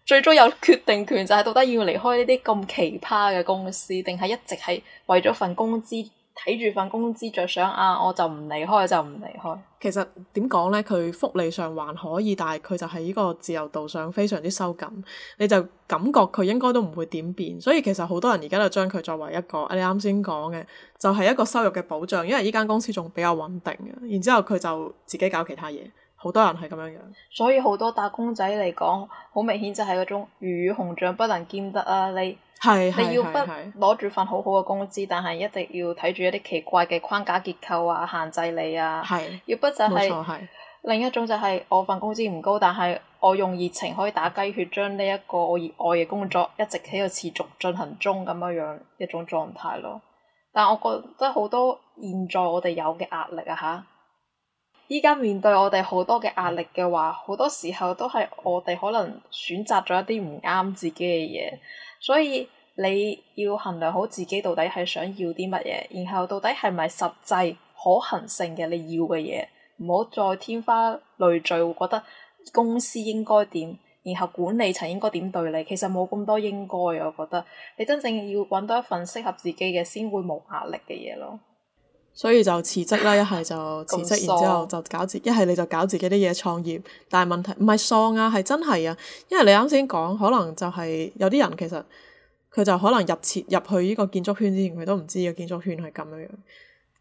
最終有決定權，就係到底要離開呢啲咁奇葩嘅公司，定係一直係為咗份工資？睇住份工資着想啊，我就唔離開就唔離開。離開其實點講咧，佢福利上還可以，但係佢就喺呢個自由度上非常之收緊。你就感覺佢應該都唔會點變，所以其實好多人而家就將佢作為一個，你啱先講嘅就係、是、一個收入嘅保障，因為呢間公司仲比較穩定嘅。然之後佢就自己搞其他嘢。好多人係咁樣樣，所以好多打工仔嚟講，好明顯就係嗰種魚與熊掌不能兼得啊！你是你要不攞住份好好嘅工資，但係一定要睇住一啲奇怪嘅框架結構啊，限制你啊。係是。要不就係、是、另一種就係我份工資唔高，但係我用熱情可以打雞血，將呢一個我熱愛嘅工作一直喺度持續進行中咁樣樣一種狀態咯。但我覺得好多現在我哋有嘅壓力啊嚇。依家面對我哋好多嘅壓力嘅話，好多時候都係我哋可能選擇咗一啲唔啱自己嘅嘢，所以你要衡量好自己到底係想要啲乜嘢，然後到底係咪實際可行性嘅你要嘅嘢，唔好再天花亂墜，會覺得公司應該點，然後管理層應該點對你，其實冇咁多應該啊，我覺得你真正要揾到一份適合自己嘅，先會冇壓力嘅嘢咯。所以就辭職啦，一係就辭職，然之後就搞自己，一係你就搞自己啲嘢創業。但係問題唔係喪啊，係真係啊。因為你啱先講，可能就係有啲人其實佢就可能入切入去呢個建築圈之前，佢都唔知個建築圈係咁樣樣。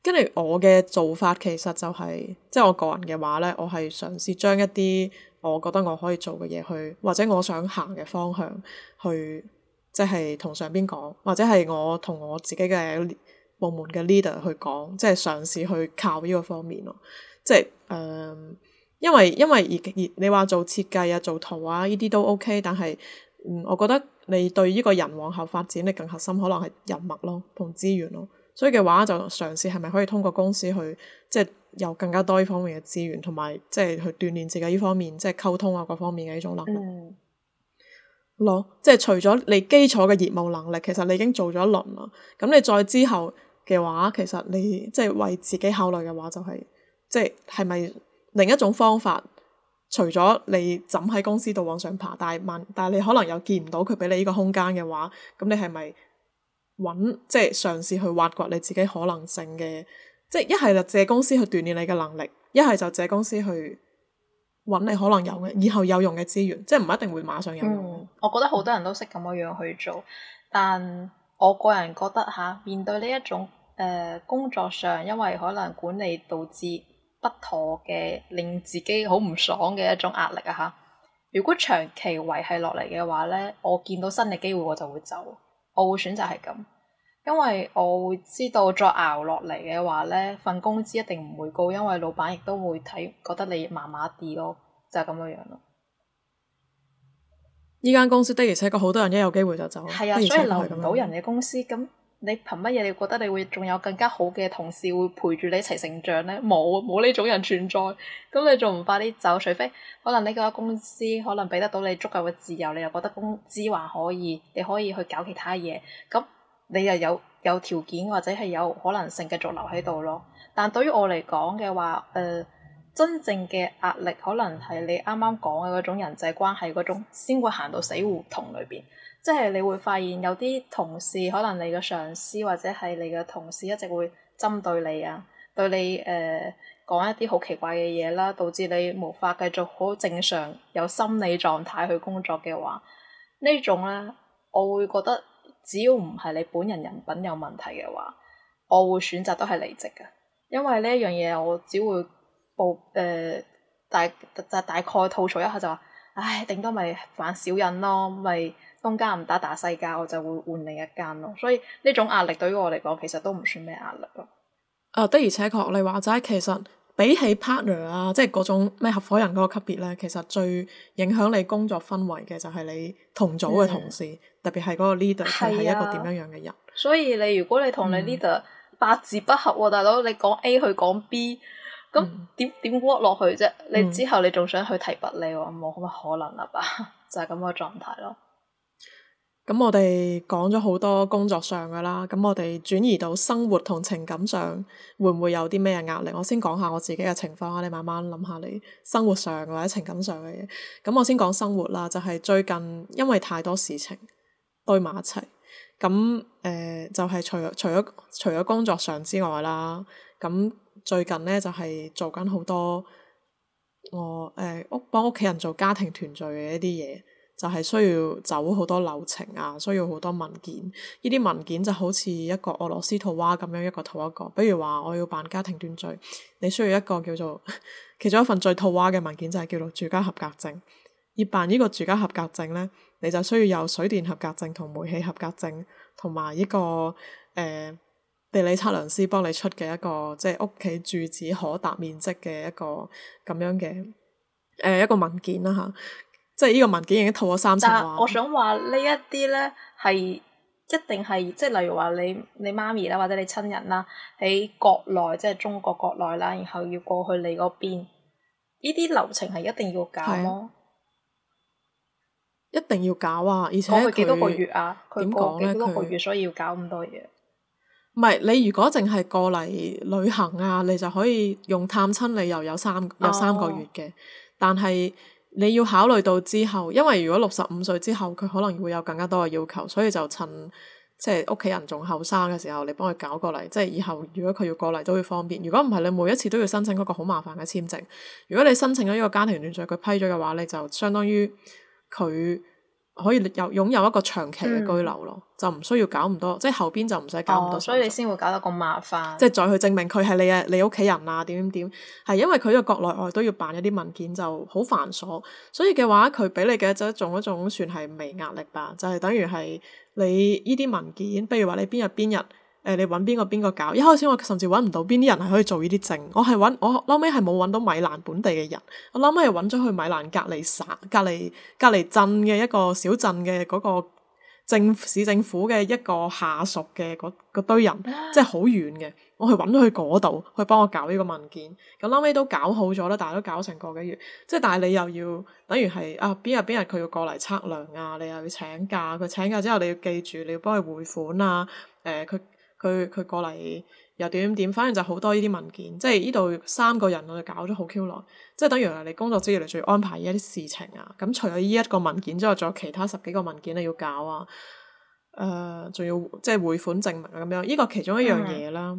跟住我嘅做法其實就係，即係我個人嘅話咧，我係嘗試將一啲我覺得我可以做嘅嘢去，或者我想行嘅方向去，即係同上邊講，或者係我同我自己嘅。部門嘅 leader 去講，即係嘗試去靠呢個方面咯，即係誒、呃，因為因為而你話做設計啊，做圖啊，呢啲都 OK，但係嗯，我覺得你對呢個人往後發展，你更核心可能係人脈咯同資源咯，所以嘅話就嘗試係咪可以通過公司去，即係有更加多呢方面嘅資源，同埋即係去鍛鍊自己呢方面，即係溝通啊各方面嘅呢種能力咯，嗯，即係除咗你基礎嘅業務能力，其實你已經做咗一輪啦，咁你再之後。嘅話，其實你即係為自己考慮嘅話，就係，就係即係咪另一種方法？除咗你枕喺公司度往上爬，但係問，但係你可能又見唔到佢俾你呢個空間嘅話，咁你係咪揾即係嘗試去挖掘你自己可能性嘅？即係一係就借公司去鍛鍊你嘅能力，一係就借公司去揾你可能有嘅以後有用嘅資源，即係唔一定會馬上有用，嗯。我覺得好多人都識咁樣去做，嗯，但我個人覺得吓，面對呢一種。呃，工作上因為可能管理導致不妥嘅，令自己好唔爽嘅一種壓力啊吓。如果長期維繫落嚟嘅話咧，我見到新嘅機會我就會走，我會選擇係咁，因為我會知道再熬落嚟嘅話咧，份工資一定唔會高，因為老闆亦都會睇，覺得你麻麻啲咯，就係咁樣樣咯。呢間公司的而且確好多人一有機會就走，係啊，確，所以留唔到人嘅公司咁。嗯嗯你憑乜嘢？你覺得你會仲有更加好嘅同事會陪住你一齊成長呢？冇冇呢種人存在。咁你仲唔快啲走？除非可能呢間公司可能俾得到你足夠嘅自由，你又覺得工資還可以，你可以去搞其他嘢。咁你又有有條件或者係有可能性繼續留喺度咯。但對於我嚟講嘅話，誒、呃，真正嘅壓力可能係你啱啱講嘅嗰種人際關係嗰種，先會行到死胡同裏邊。即係你會發現有啲同事，可能你嘅上司或者係你嘅同事一直會針對你啊，對你誒講一啲好奇怪嘅嘢啦，導致你無法繼續好正常有心理狀態去工作嘅話，呢種咧我會覺得只要唔係你本人人品有問題嘅話，我會選擇都係離職嘅，因為呢樣嘢我只會報誒大就大概吐槽一下就話，唉，頂多咪玩小人咯，咪～東家唔打，打西家我就會換另一間咯。所以呢種壓力對於我嚟講，其實都唔算咩壓力咯、啊。的而且確你話齋，其實比起 partner 啊，即係嗰種咩合伙人嗰個級別咧，其實最影響你工作氛圍嘅就係你同組嘅同事，啊、特別係嗰個 leader 佢係、啊、一個點樣樣嘅人。所以你如果你同你 leader、嗯、八字不合喎、哦，大佬你講 A 去講 B，咁點點 work 落去啫？你之後你仲想去提拔你喎，冇乜可能啦吧？ 就係咁嘅狀態咯。咁我哋講咗好多工作上㗎啦，咁我哋轉移到生活同情感上，會唔會有啲咩壓力？我先講下我自己嘅情況，我哋慢慢諗下你生活上或者情感上嘅嘢。咁我先講生活啦，就係、是、最近因為太多事情堆埋一齊，咁誒、呃、就係、是、除除咗除咗工作上之外啦，咁最近咧就係、是、做緊好多我誒屋、呃、幫屋企人做家庭團聚嘅一啲嘢。就係需要走好多流程啊，需要好多文件。呢啲文件就好似一個俄羅斯套娃咁樣一個套一個。比如話我要辦家庭團聚，你需要一個叫做其中一份最套娃嘅文件就係叫做住家合格證。要辦呢個住家合格證呢，你就需要有水電合格證同煤氣合格證，同埋呢個誒、呃、地理測量師幫你出嘅一個即係屋企住址可達面積嘅一個咁樣嘅誒、呃、一個文件啦、啊、嚇。即係呢個文件已經套咗三層，但係我想話呢一啲咧係一定係，即係例如話你你媽咪啦，或者你親人啦，喺國內即係中國國內啦，然後要過去你嗰邊，呢啲流程係一定要搞咯，一定要搞啊！而且佢幾多個月啊？佢過境幾多個月，他所以要搞咁多嘢。唔係你如果淨係過嚟旅行啊，你就可以用探親旅遊有三有三個月嘅，oh. 但係。你要考慮到之後，因為如果六十五歲之後佢可能會有更加多嘅要求，所以就趁即係屋企人仲後生嘅時候，你幫佢搞過嚟，即係以後如果佢要過嚟都會方便。如果唔係，你每一次都要申請嗰個好麻煩嘅簽證。如果你申請咗呢個家庭聯誼，佢批咗嘅話，你就相當於佢。可以有擁有一個長期嘅居留咯，嗯、就唔需要搞咁多，即係後邊就唔使搞咁多、哦。所以你先會搞得咁麻煩，即係再去證明佢係你啊，你屋企人啊，點點點，係因為佢嘅國內外都要辦一啲文件就好繁瑣，所以嘅話佢俾你嘅就一種一種算係微壓力吧，就係、是、等於係你呢啲文件，譬如話你邊日邊日。誒、呃，你揾邊個邊個搞？一開始我甚至揾唔到邊啲人係可以做呢啲證，我係揾我嬲尾係冇揾到米蘭本地嘅人，我嬲尾係揾咗去米蘭隔籬省、隔籬隔籬鎮嘅一個小鎮嘅嗰個政府市政府嘅一個下屬嘅嗰堆人，即係好遠嘅。我去揾到去嗰度去幫我搞呢個文件，咁撈尾都搞好咗啦，但係都搞成個幾月。即係但係你又要，等於係啊，邊日邊日佢要過嚟測量啊，你又要請假，佢請假之後你要記住你要幫佢匯款啊，誒、呃、佢。佢佢過嚟又點點點，反正就好多呢啲文件，即係呢度三個人我就搞咗好 Q 耐，即係等於原來你工作之餘仲要安排一啲事情啊。咁除咗呢一個文件之外，仲有其他十幾個文件你要搞啊，誒、呃、仲要即係匯款證明啊咁樣，呢、這個其中一樣嘢啦。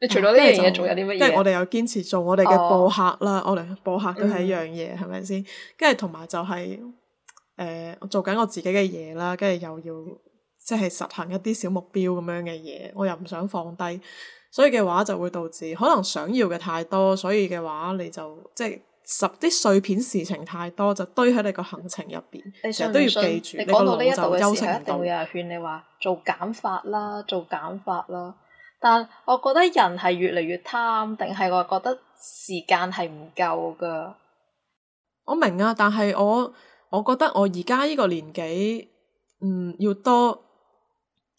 你、嗯嗯、除咗呢樣嘢，仲、嗯、有啲乜嘢？即係我哋又堅持做我哋嘅播客啦，哦、我哋播客都係一樣嘢，係咪先？跟住同埋就係、是、誒、呃，做緊我自己嘅嘢啦，跟住又要。即係實行一啲小目標咁樣嘅嘢，我又唔想放低，所以嘅話就會導致可能想要嘅太多，所以嘅話你就即係、就是、十啲碎片事情太多，就堆喺你個行程入邊，你成日都要記住。你講到呢一度嘅事，係一度啊，一定有人勸你話做減法啦，做減法啦。但我覺得人係越嚟越貪，定係我覺得時間係唔夠㗎？我明啊，但係我我覺得我而家呢個年紀，嗯，要多。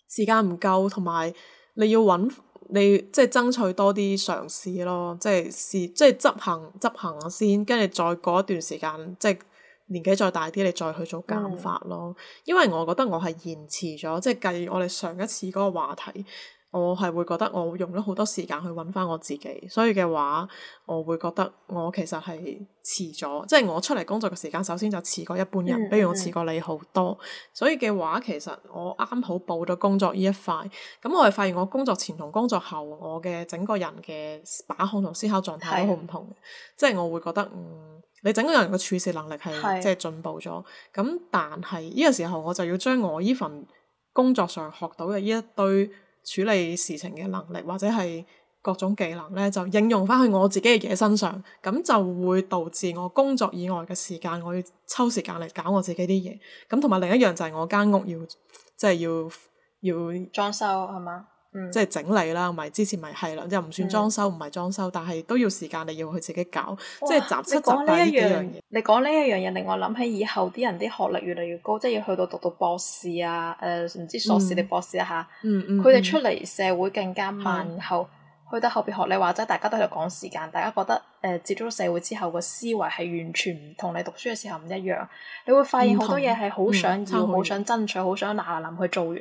時間唔夠，同埋你要搵你即係爭取多啲嘗試咯，即係試即係執行執行下先，跟住再過一段時間，即係年紀再大啲，你再去做減法咯。嗯、因為我覺得我係延遲咗，即係計我哋上一次嗰個話題。我係會覺得我用咗好多時間去揾翻我自己，所以嘅話，我會覺得我其實係遲咗，即係我出嚟工作嘅時間，首先就遲過一般人，嗯，比如我遲過你好多。所以嘅話，其實我啱好報咗工作呢一塊，咁我係發現我工作前同工作後，我嘅整個人嘅把控同思考狀態都好唔同。即係是的 我會覺得，嗯，你整個人嘅處事能力係即係進步咗。咁但係呢個時候，我就要將我呢份工作上學到嘅呢一堆。處理事情嘅能力或者係各種技能咧，就應用返去我自己嘅嘢身上，咁就會導致我工作以外嘅時間，我要抽時間嚟搞我自己啲嘢。咁同埋另一樣就係我間屋要即係、就是、要要裝修係嘛？嗯、即係整理啦，咪之前咪係啦，又唔算裝修，唔係裝修，但係都要時間，你要去自己搞，哇即係雜七雜八呢樣嘢。你講呢一樣嘢，樣樣令我諗起以後啲人啲學歷越嚟越高，即係要去到讀到博士啊，誒、呃，唔知碩士定博士啊吓。佢哋、嗯、出嚟社會更加慢、嗯嗯、後，去到後邊學你話齋，的大家都係講時間，大家覺得誒、呃，接觸咗社會之後個思維係完全唔同你讀書嘅時候唔一樣。你會發現好多嘢係好想要，嗯嗯嗯、好想爭取，好想嗱嗱臨去做完。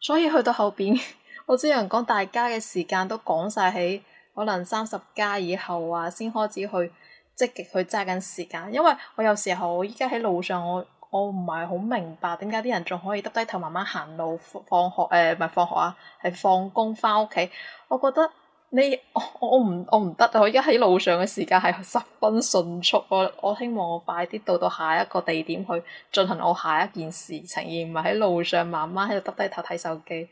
所以去到後邊。 我知有人講，大家嘅時間都講晒，喺可能三十加以後啊，先開始去積極去揸緊時間。因為我有時候我在在我，我依家喺路上，我我唔係好明白點解啲人仲可以耷低頭慢慢行路放學？誒唔係放學啊，係放工翻屋企。我覺得你我我唔我唔得啊！我依家喺路上嘅時間係十分迅速，我我希望我快啲到到下一個地點去進行我下一件事情，而唔係喺路上慢慢喺度耷低頭睇手機。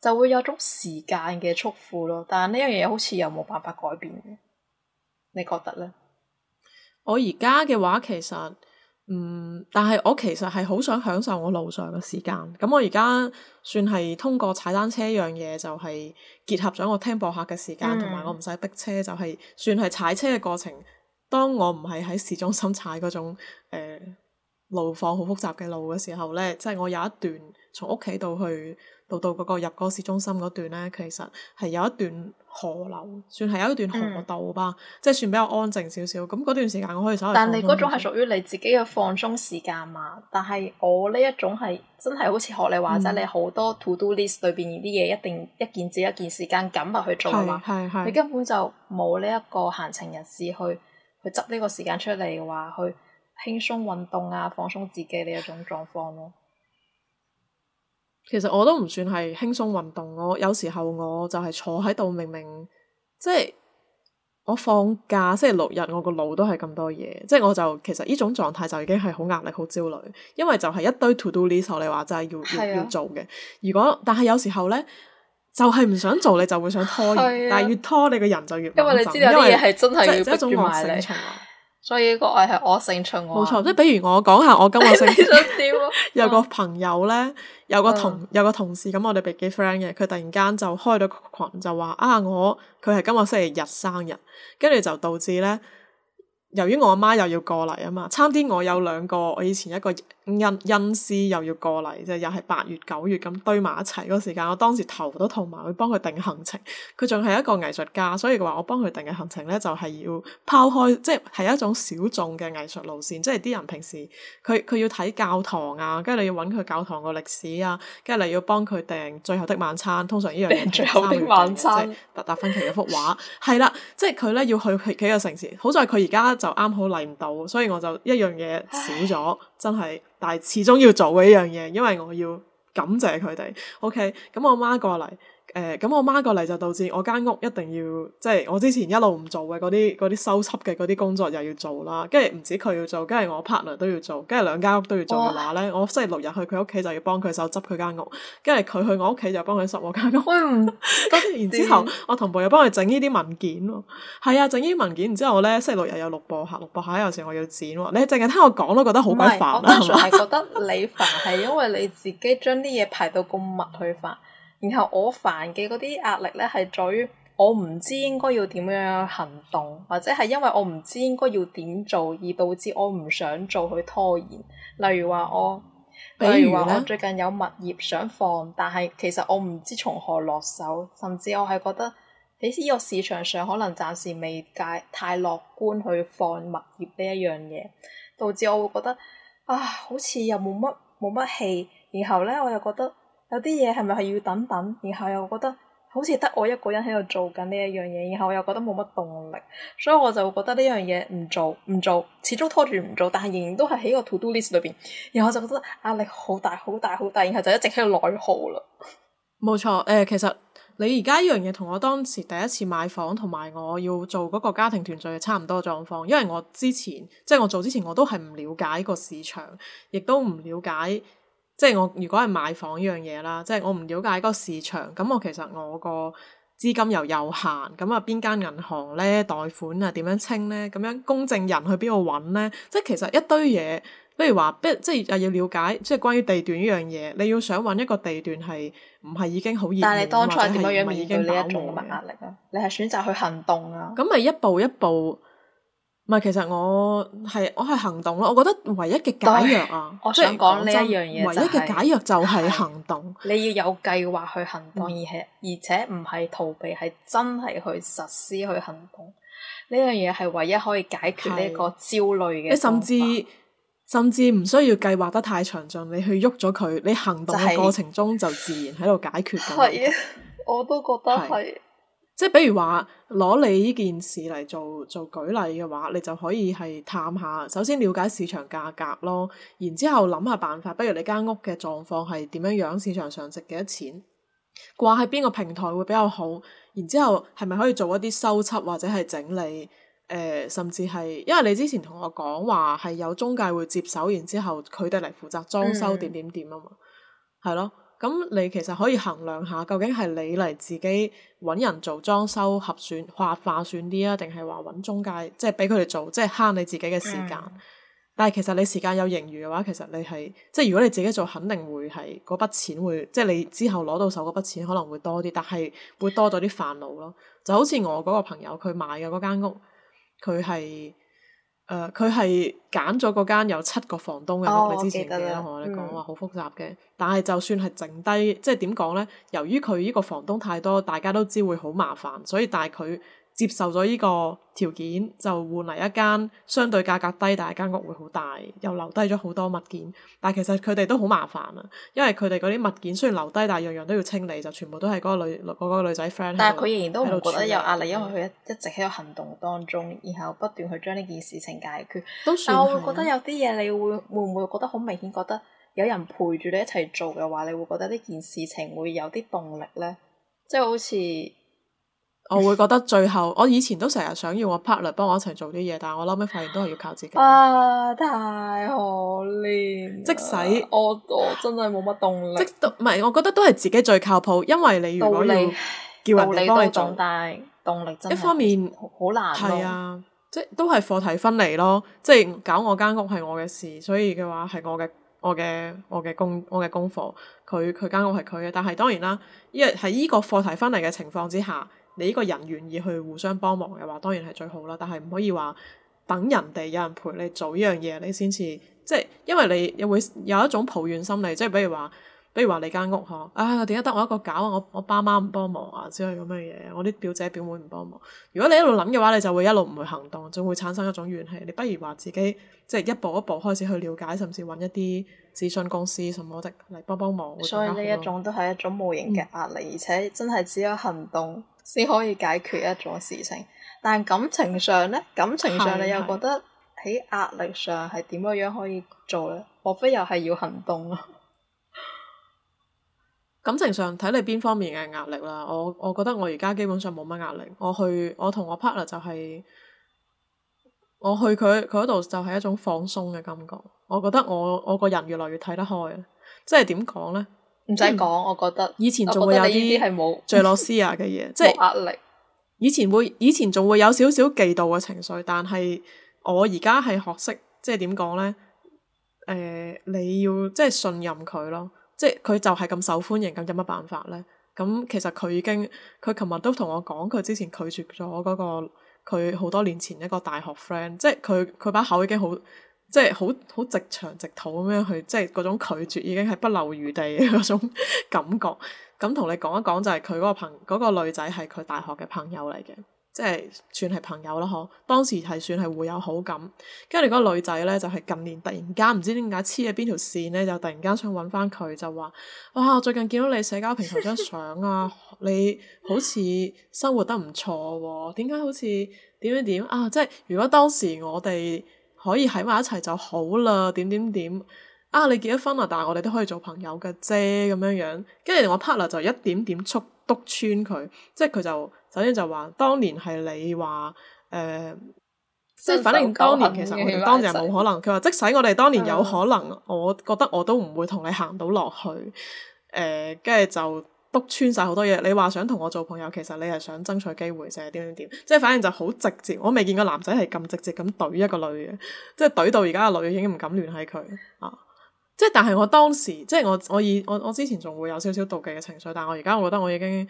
就會有種時間嘅束縛咯，但係呢樣嘢好似又冇辦法改變嘅，你覺得呢？我而家嘅話，其實，嗯，但係我其實係好想享受我路上嘅時間。咁、嗯嗯、我而家算係通過踩單車一樣嘢，就係結合咗我聽播客嘅時間，同埋我唔使逼車，就係算係踩車嘅過程。當我唔係喺市中心踩嗰種誒、呃、路況好複雜嘅路嘅時候咧，即、就、係、是、我有一段從屋企度去。到到嗰個入嗰市中心嗰段咧，其實係有一段河流，算係有一段河道吧，嗯、即係算比較安靜少少。咁嗰段時間我可以稍。但你嗰種係屬於你自己嘅放鬆時間嘛？但係我呢一種係真係好似學你話齋，嗯、你好多 to do list 裏邊啲嘢一定一件接一件時間緊密去做嘛。係係。你根本就冇呢一個閒情人士去去執呢個時間出嚟嘅話去輕鬆運動啊、放鬆自己呢一種狀況咯。其實我都唔算係輕鬆運動，我有時候我就係坐喺度，明明即係我放假星期六日，我個腦都係咁多嘢，即係我就其實呢種狀態就已經係好壓力、好焦慮，因為就係一堆 to do list，你話真係要要，要做嘅。是啊、如果但係有時候呢，就係、是、唔想做，你就會想拖延。是啊、但係越拖你個人就越因為你知道嘢係真係要逼所以呢個係惡性循環，冇錯，即係比如我講下我今個星期有個朋友咧，有個同 有個同事咁， 我哋比較 friend 嘅，佢突然間就開咗個群就話啊，我佢係今個星期日生日，跟住就導致咧，由於我阿媽又要過嚟啊嘛，差啲我有兩個，我以前一個。恩恩師又要過嚟啫，又係八月九月咁堆埋一齊個時間。我當時頭都痛埋，去幫佢定行程。佢仲係一個藝術家，所以嘅話我幫佢定嘅行程咧，就係、是、要拋開，即係係一種小眾嘅藝術路線。即係啲人平時佢佢要睇教堂啊，跟住你要揾佢教堂個歷史啊，跟住你要幫佢訂《最後的晚餐》。通常呢樣嘢《最後的晚餐》達達芬奇嘅幅畫係啦，即係佢咧要去幾個城市。好在佢而家就啱好嚟唔到，所以我就一樣嘢少咗。 真係，但係始終要做嘅一樣嘢，因為我要感謝佢哋。OK，咁我媽過嚟。誒咁，欸、我媽過嚟就導致我間屋一定要，即係我之前一路唔做嘅嗰啲嗰啲收葺嘅嗰啲工作又要做啦。跟住唔止佢要做，跟住我 partner 都要做，跟住兩間屋都要做嘅話咧，我星期六日去佢屋企就要幫佢手執佢間屋，跟住佢去我屋企就幫佢執我間屋。我唔跟住， 然之後我同步又幫佢整呢啲文件咯。係啊，整呢啲文件，然之後咧星期六日有錄播客，錄播下有時我要剪喎。你淨係聽我講都覺得好鬼煩啦。是吧我通常覺得你煩係 因為你自己將啲嘢排到咁密去煩。然後我煩嘅嗰啲壓力呢，係在於我唔知應該要點樣行動，或者係因為我唔知應該要點做，而導致我唔想做去拖延。例如話我，例如話我最近有物業想放，但係其實我唔知從何落手，甚至我係覺得，喺呢個市場上可能暫時未解太太樂觀去放物業呢一樣嘢，導致我會覺得啊，好似又冇乜冇乜氣。然後呢，我又覺得。有啲嘢係咪係要等等？然後又覺得好似得我一個人喺度做緊呢一樣嘢，然後我又覺得冇乜動力，所以我就覺得呢樣嘢唔做唔做，始終拖住唔做，但係仍然都係喺個 to do list 裏邊，然後我就覺得壓力好大好大好大，然後就一直喺度內耗啦。冇錯，誒、呃，其實你而家呢樣嘢同我當時第一次買房同埋我要做嗰個家庭團聚嘅差唔多狀況，因為我之前即係我做之前我都係唔了解個市場，亦都唔了解。即係我如果係買房呢樣嘢啦，即係我唔了解嗰個市場，咁我其實我個資金又有限，咁啊邊間銀行咧貸款啊點樣清咧？咁樣公證人去邊度揾咧？即係其實一堆嘢，譬如話即係又要了解，即係關於地段呢樣嘢，你要想揾一個地段係唔係已經好易，但係你當初係點樣已經有呢一種嘅壓力啊？你係選擇去行動啊？咁咪一步一步。唔係，其實我係我係行動咯。我覺得唯一嘅解藥啊，對即係講呢一樣嘢，唯一嘅解藥就係行動。你要有計劃去行動，而係、嗯、而且唔係逃避，係真係去實施去行動。呢樣嘢係唯一可以解決呢個焦慮嘅。你甚至甚至唔需要計劃得太詳盡，你去喐咗佢，你行動嘅過程中就自然喺度解決。係、就係、啊，我都覺得係。即係比如話攞你呢件事嚟做做舉例嘅話，你就可以係探下，首先了解市場價格咯。然之後諗下辦法，不如你間屋嘅狀況係點樣樣，市場上值幾多錢？掛喺邊個平台會比較好？然之後係咪可以做一啲修葺或者係整理？誒、呃，甚至係因為你之前同我講話係有中介會接手，然之後佢哋嚟負責裝修、嗯、點點點啊嘛，係咯。咁你其實可以衡量下，究竟係你嚟自己揾人做裝修合算，或划算啲啊？定係話揾中介，即係俾佢哋做，即係慳你自己嘅時間。嗯、但係其實你時間有盈餘嘅話，其實你係即係如果你自己做，肯定會係嗰筆錢會即係你之後攞到手嗰筆錢可能會多啲，但係會多咗啲煩惱咯。就好似我嗰個朋友佢買嘅嗰間屋，佢係。誒，佢係揀咗嗰間有七個房東嘅，我哋、哦、之前記得同你講話好複雜嘅，但係就算係剩低，即係點講呢？由於佢呢個房東太多，大家都知會好麻煩，所以但係佢。接受咗呢個條件，就換嚟一間相對價格低，但係間屋會好大，又留低咗好多物件。但係其實佢哋都好麻煩啊，因為佢哋嗰啲物件雖然留低，但係樣樣都要清理，就全部都係嗰個女嗰個女仔 friend。但係佢仍然都唔覺得有壓力，因為佢一直喺度行動當中，然後不斷去將呢件事情解決。都算係。但係我會覺得有啲嘢，你會會唔會覺得好明顯？覺得有人陪住你一齊做嘅話，你會覺得呢件事情會有啲動力呢？即係好似。 我會覺得最後，我以前都成日想要我 partner 幫我一齊做啲嘢，但係我諗屘發現都係要靠自己。啊！太可憐。即使我我真係冇乜動力。即都唔係，我覺得都係自己最靠譜，因為你如果你叫人理你幫你做，但動，動力真一方面好難。係啊，即都係課題分離咯，即係搞我間屋係我嘅事，所以嘅話係我嘅我嘅我嘅功我嘅功課，佢佢間屋係佢嘅，但係當然啦，依係呢個課題分離嘅情況之下。你呢個人願意去互相幫忙嘅話，當然係最好啦。但係唔可以話等人哋有人陪你做依樣嘢，你先至即係，因為你又會有一種抱怨心理。即係比如話，比如話你間屋嗬，唉、啊，點解得我一個搞啊？我我爸媽唔幫忙啊，之類咁嘅嘢。我啲表姐表妹唔幫忙。如果你一路諗嘅話，你就會一路唔去行動，就會產生一種怨氣。你不如話自己即係一步一步開始去了解，甚至揾一啲諮詢公司什麼的嚟幫幫忙。所以呢一種都係一種無形嘅壓力，嗯、而且真係只有行動，先可以解決一種事情，但感情上呢？感情上你又覺得喺壓力上係點樣樣可以做呢？莫非又係要行動啊？感情上睇你邊方面嘅壓力啦，我我覺得我而家基本上冇乜壓力。我去我同我 partner 就係、是、我去佢佢嗰度就係一種放鬆嘅感覺。我覺得我我個人越嚟越睇得開，即係點講呢？唔使講，我覺得、嗯、以前仲會有啲係冇，jealousy 嘅嘢，即係 壓力。以前會，以前仲會有少少嫉妒嘅情緒，但係我而家係學識，即係點講咧？誒、呃，你要即係信任佢咯，即係佢就係咁受歡迎，咁有乜辦法咧？咁其實佢已經，佢琴日都同我講，佢之前拒絕咗嗰、嗰個佢好多年前一個大學 friend，即係佢佢把口已經好。即係好好直腸直肚咁樣去，即係嗰種拒絕已經係不留餘地嘅嗰種感覺。咁 同你講一講，就係佢嗰個朋嗰、嗰個女仔係佢大學嘅朋友嚟嘅，即係算係朋友啦。嗬，當時係算係會有好感。跟住嗰個女仔呢，就係、係、近年突然間唔知點解黐喺邊條線呢，就突然間想揾翻佢，就話：哇，最近見到你社交平台張相啊， 你好似生活得唔錯喎、啊？點解好似點樣點啊？即係如果當時我哋可以喺埋一齊就好啦，點點點啊！你結咗婚啦，但係我哋都可以做朋友嘅啫咁樣樣。跟住我 partner 就一點點戳篤穿佢，即係佢就首先就話：當年係你話誒，呃、即係是反正當年其實我哋當年係冇可能。佢話即使我哋當年有可能，我覺得我都唔會同你行到落去。誒、嗯，跟住、呃、就。督穿晒好多嘢，你話想同我做朋友，其實你係想爭取機會成日點點點，即係反正就好直接。我未見過男仔係咁直接咁懟一個女嘅，即係懟到而家個女已經唔敢聯繫佢啊！即係但係我當時即係我我以我我之前仲會有少少妒忌嘅情緒，但我而家我覺得我已經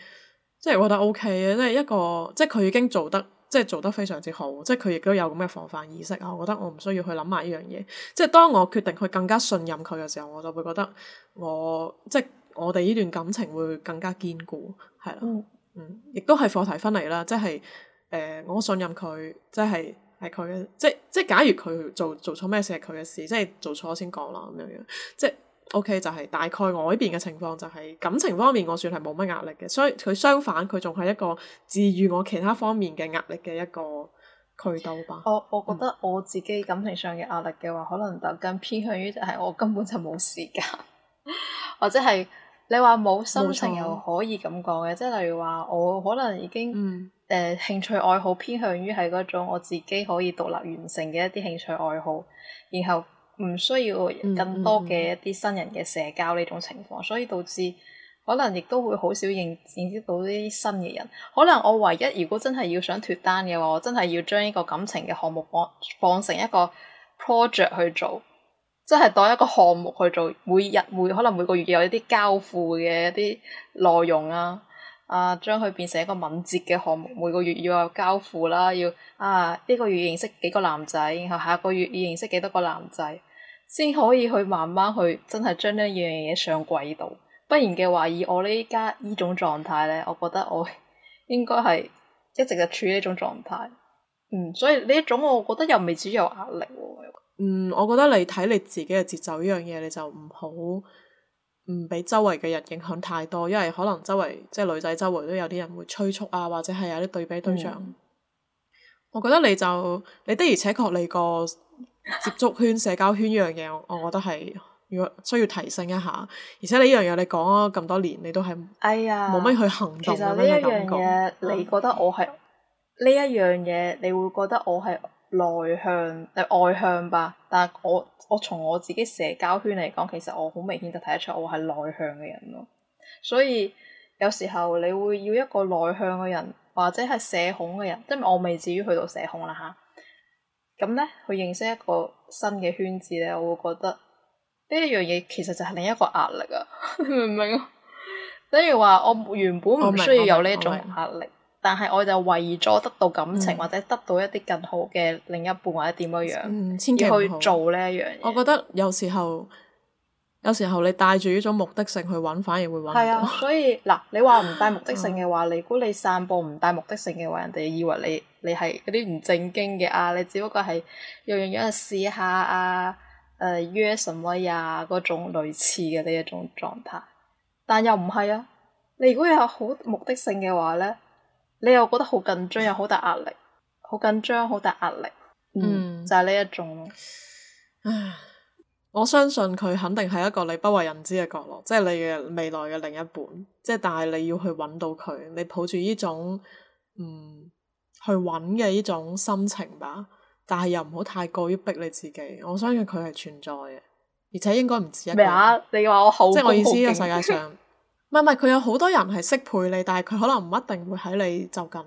即係覺得 OK 嘅，即係一個即係佢已經做得即係做得非常之好，即係佢亦都有咁嘅防範意識啊！我覺得我唔需要去諗埋呢樣嘢。即係當我決定去更加信任佢嘅時候，我就會覺得我即係。我哋呢段感情會更加堅固，係啦，嗯，嗯，亦都係課題分離啦，即係誒、呃，我信任佢，即係係佢嘅，即即係假如佢做做錯咩事係佢嘅事，即係做錯先講啦咁樣樣，即係 OK，就係、是、大概我呢邊嘅情況就係、是、感情方面我算係冇乜壓力嘅，所以佢相反佢仲係一個治愈我其他方面嘅壓力嘅一個渠道吧。我我覺得、嗯、我自己感情上嘅壓力嘅話，可能就更偏向於就係我根本就冇時間。或者係你話冇心情，冇錯，又可以咁講嘅，即係例如話我可能已經誒、嗯呃、興趣愛好偏向於係嗰種我自己可以獨立完成嘅一啲興趣愛好，然後唔需要更多嘅一啲新人嘅社交呢，嗯嗯嗯、種情況，所以導致可能亦都會好少認認識到啲新嘅人。可能我唯一如果真係要想脫單嘅話，我真係要將呢個感情嘅項目放放成一個 project 去做。真係當一個項目去做，每日每可能每個月有一啲交付嘅一啲內容啊，啊，將佢變成一個敏捷嘅項目，每個月要有交付啦，要啊，呢個月認識幾個男仔，然後下個月要認識幾多個男仔，先可以去慢慢去真係將呢樣嘢上軌道。不然嘅話，以我呢家呢種狀態呢，我覺得我應該係一直就處於呢種狀態。嗯，所以呢一種我覺得又未至於有壓力喎、啊。嗯，我覺得你睇你自己嘅節奏呢樣嘢，你就唔好唔俾周圍嘅人影響太多，因為可能周圍即係女仔周圍都有啲人會催促啊，或者係有啲對比對象。嗯、我覺得你就你的而且確你個接觸圈、 社交圈呢樣嘢，我我覺得係如果需要提升一下。而且你呢樣嘢你講咗咁多年，你都係哎呀，冇乜去行動。其實呢一樣嘢，你覺得我係呢 一樣嘢，你會覺得我係內向定、呃、外向吧？但係我我從我自己社交圈嚟講，其實我好明顯就睇得出我係內向嘅人咯。所以有時候你會要一個內向嘅人，或者係社恐嘅人，即係我未至於去到社恐啦吓。咁咧去認識一個新嘅圈子咧，我會覺得呢一樣嘢其實就係另一個壓力啊！ 明唔白明？等於話我原本唔需要有呢一種壓力。但係我就為咗得到感情，嗯、或者得到一啲更好嘅另一半，或者點樣樣，要先去做呢一樣嘢。我覺得有時候有時候你帶住呢種目的性去揾，反而會揾唔到啊。所以嗱，你話唔帶目的性嘅話，嗯、你估你散步唔帶目的性嘅話，人哋以為你你係嗰啲唔正經嘅啊，你只不過係樣樣嘢試下啊，誒、呃、約什麼嘢啊嗰種類似嘅呢一種狀態，但又唔係啊。你如果有好目的性嘅話咧？你又覺得好緊張，又好大壓力，好緊張，好大壓力，嗯，就係呢一種唉。我相信佢肯定係一個你不為人知嘅角落，即係你嘅未來嘅另一半，即係但係你要去揾到佢，你抱住呢種嗯去揾嘅呢種心情吧，但係又唔好太過於逼你自己。我相信佢係存在嘅，而且應該唔止一個。咩啊？你話我好，即係我意思，呢個世界上。 唔係唔係，佢有好多人係識陪你，但係佢可能唔一定會喺你就近。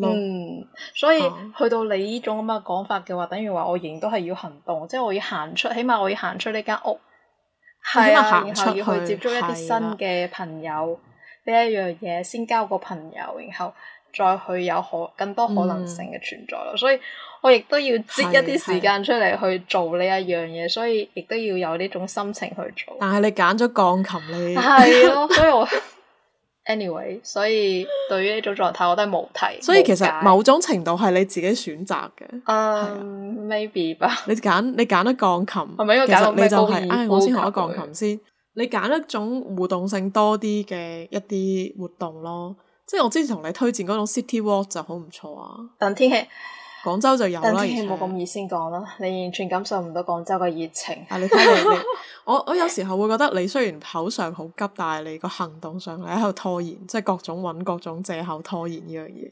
嗯，所以、啊、去到你呢種咁嘅講法嘅話，等於話我仍然都係要行動，即係我要行出，起碼我要行出呢間屋。係啊，然後要去接觸一啲新嘅朋友，呢一樣嘢先交個朋友，然後。再去有可更多可能性嘅存在咯，所以我亦都要擠一啲時間出嚟去做呢一樣嘢，所以亦都要有呢種心情去做。但係你揀咗鋼琴咧，係咯，所以我 anyway，所以對於呢種狀態我都係冇睇。所以其實某種程度係你自己選擇嘅。啊，maybe 吧。你揀，你揀咗鋼琴，係咪應該揀到咩？你就係，唉？我先學咗鋼琴先。你揀一種互動性多啲嘅一啲活動咯。即係我之前同你推薦嗰種 City Walk 就好唔錯啊！但天氣，廣州就有啦。等天氣冇咁熱先講啦，你完全感受唔到廣州嘅熱情。啊， 你聽你我我有時候會覺得你雖然口上好急，但係你個行動上係喺度拖延，即係各種揾各種借口拖延呢樣嘢。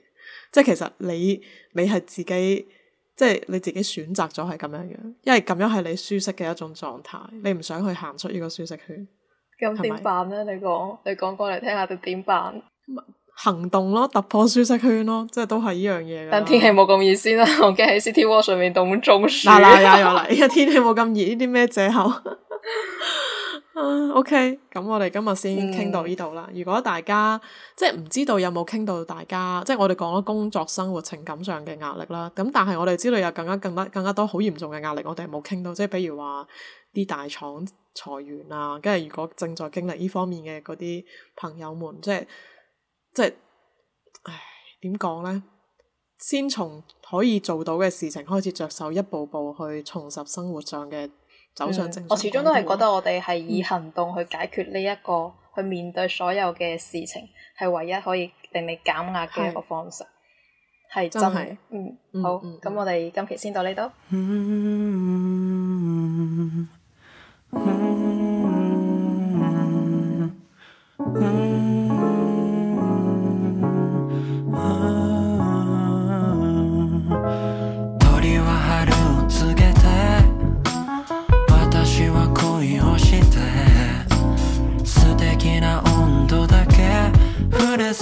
即係其實你你係自己，即係你自己選擇咗係咁樣樣，因為咁樣係你舒適嘅一種狀態，你唔想去行出呢個舒適圈。咁點辦呢？你講，你講過嚟聽下你點辦？行動咯，突破舒適圈咯，即係都係呢樣嘢。但天氣冇咁熱先啦， 我驚喺 City Walk 上面凍中暑。嗱嗱又嚟，天氣冇咁熱，呢啲咩借口？OK，咁我哋今日先傾到呢度啦。如果大家即係唔知道有冇傾到，大家即係我哋講咗工作、生活、情感上嘅壓力啦。咁但係我哋知道有更加、更加、更加多好嚴重嘅壓力，我哋冇傾到，即係比如話啲大廠裁員啊，跟住如果正在經歷呢方面嘅嗰啲朋友們，即係。即係，唉，點講咧？先從可以做到嘅事情開始着手，一步步去重拾生活上嘅走上正、嗯。我始終都係覺得我哋係以行動去解決呢、這、一個、嗯、去面對所有嘅事情，係唯一可以令你減壓嘅一個方式，係是真係嗯好。咁、嗯嗯、我哋今期先到呢度。嗯嗯嗯嗯嗯嗯嗯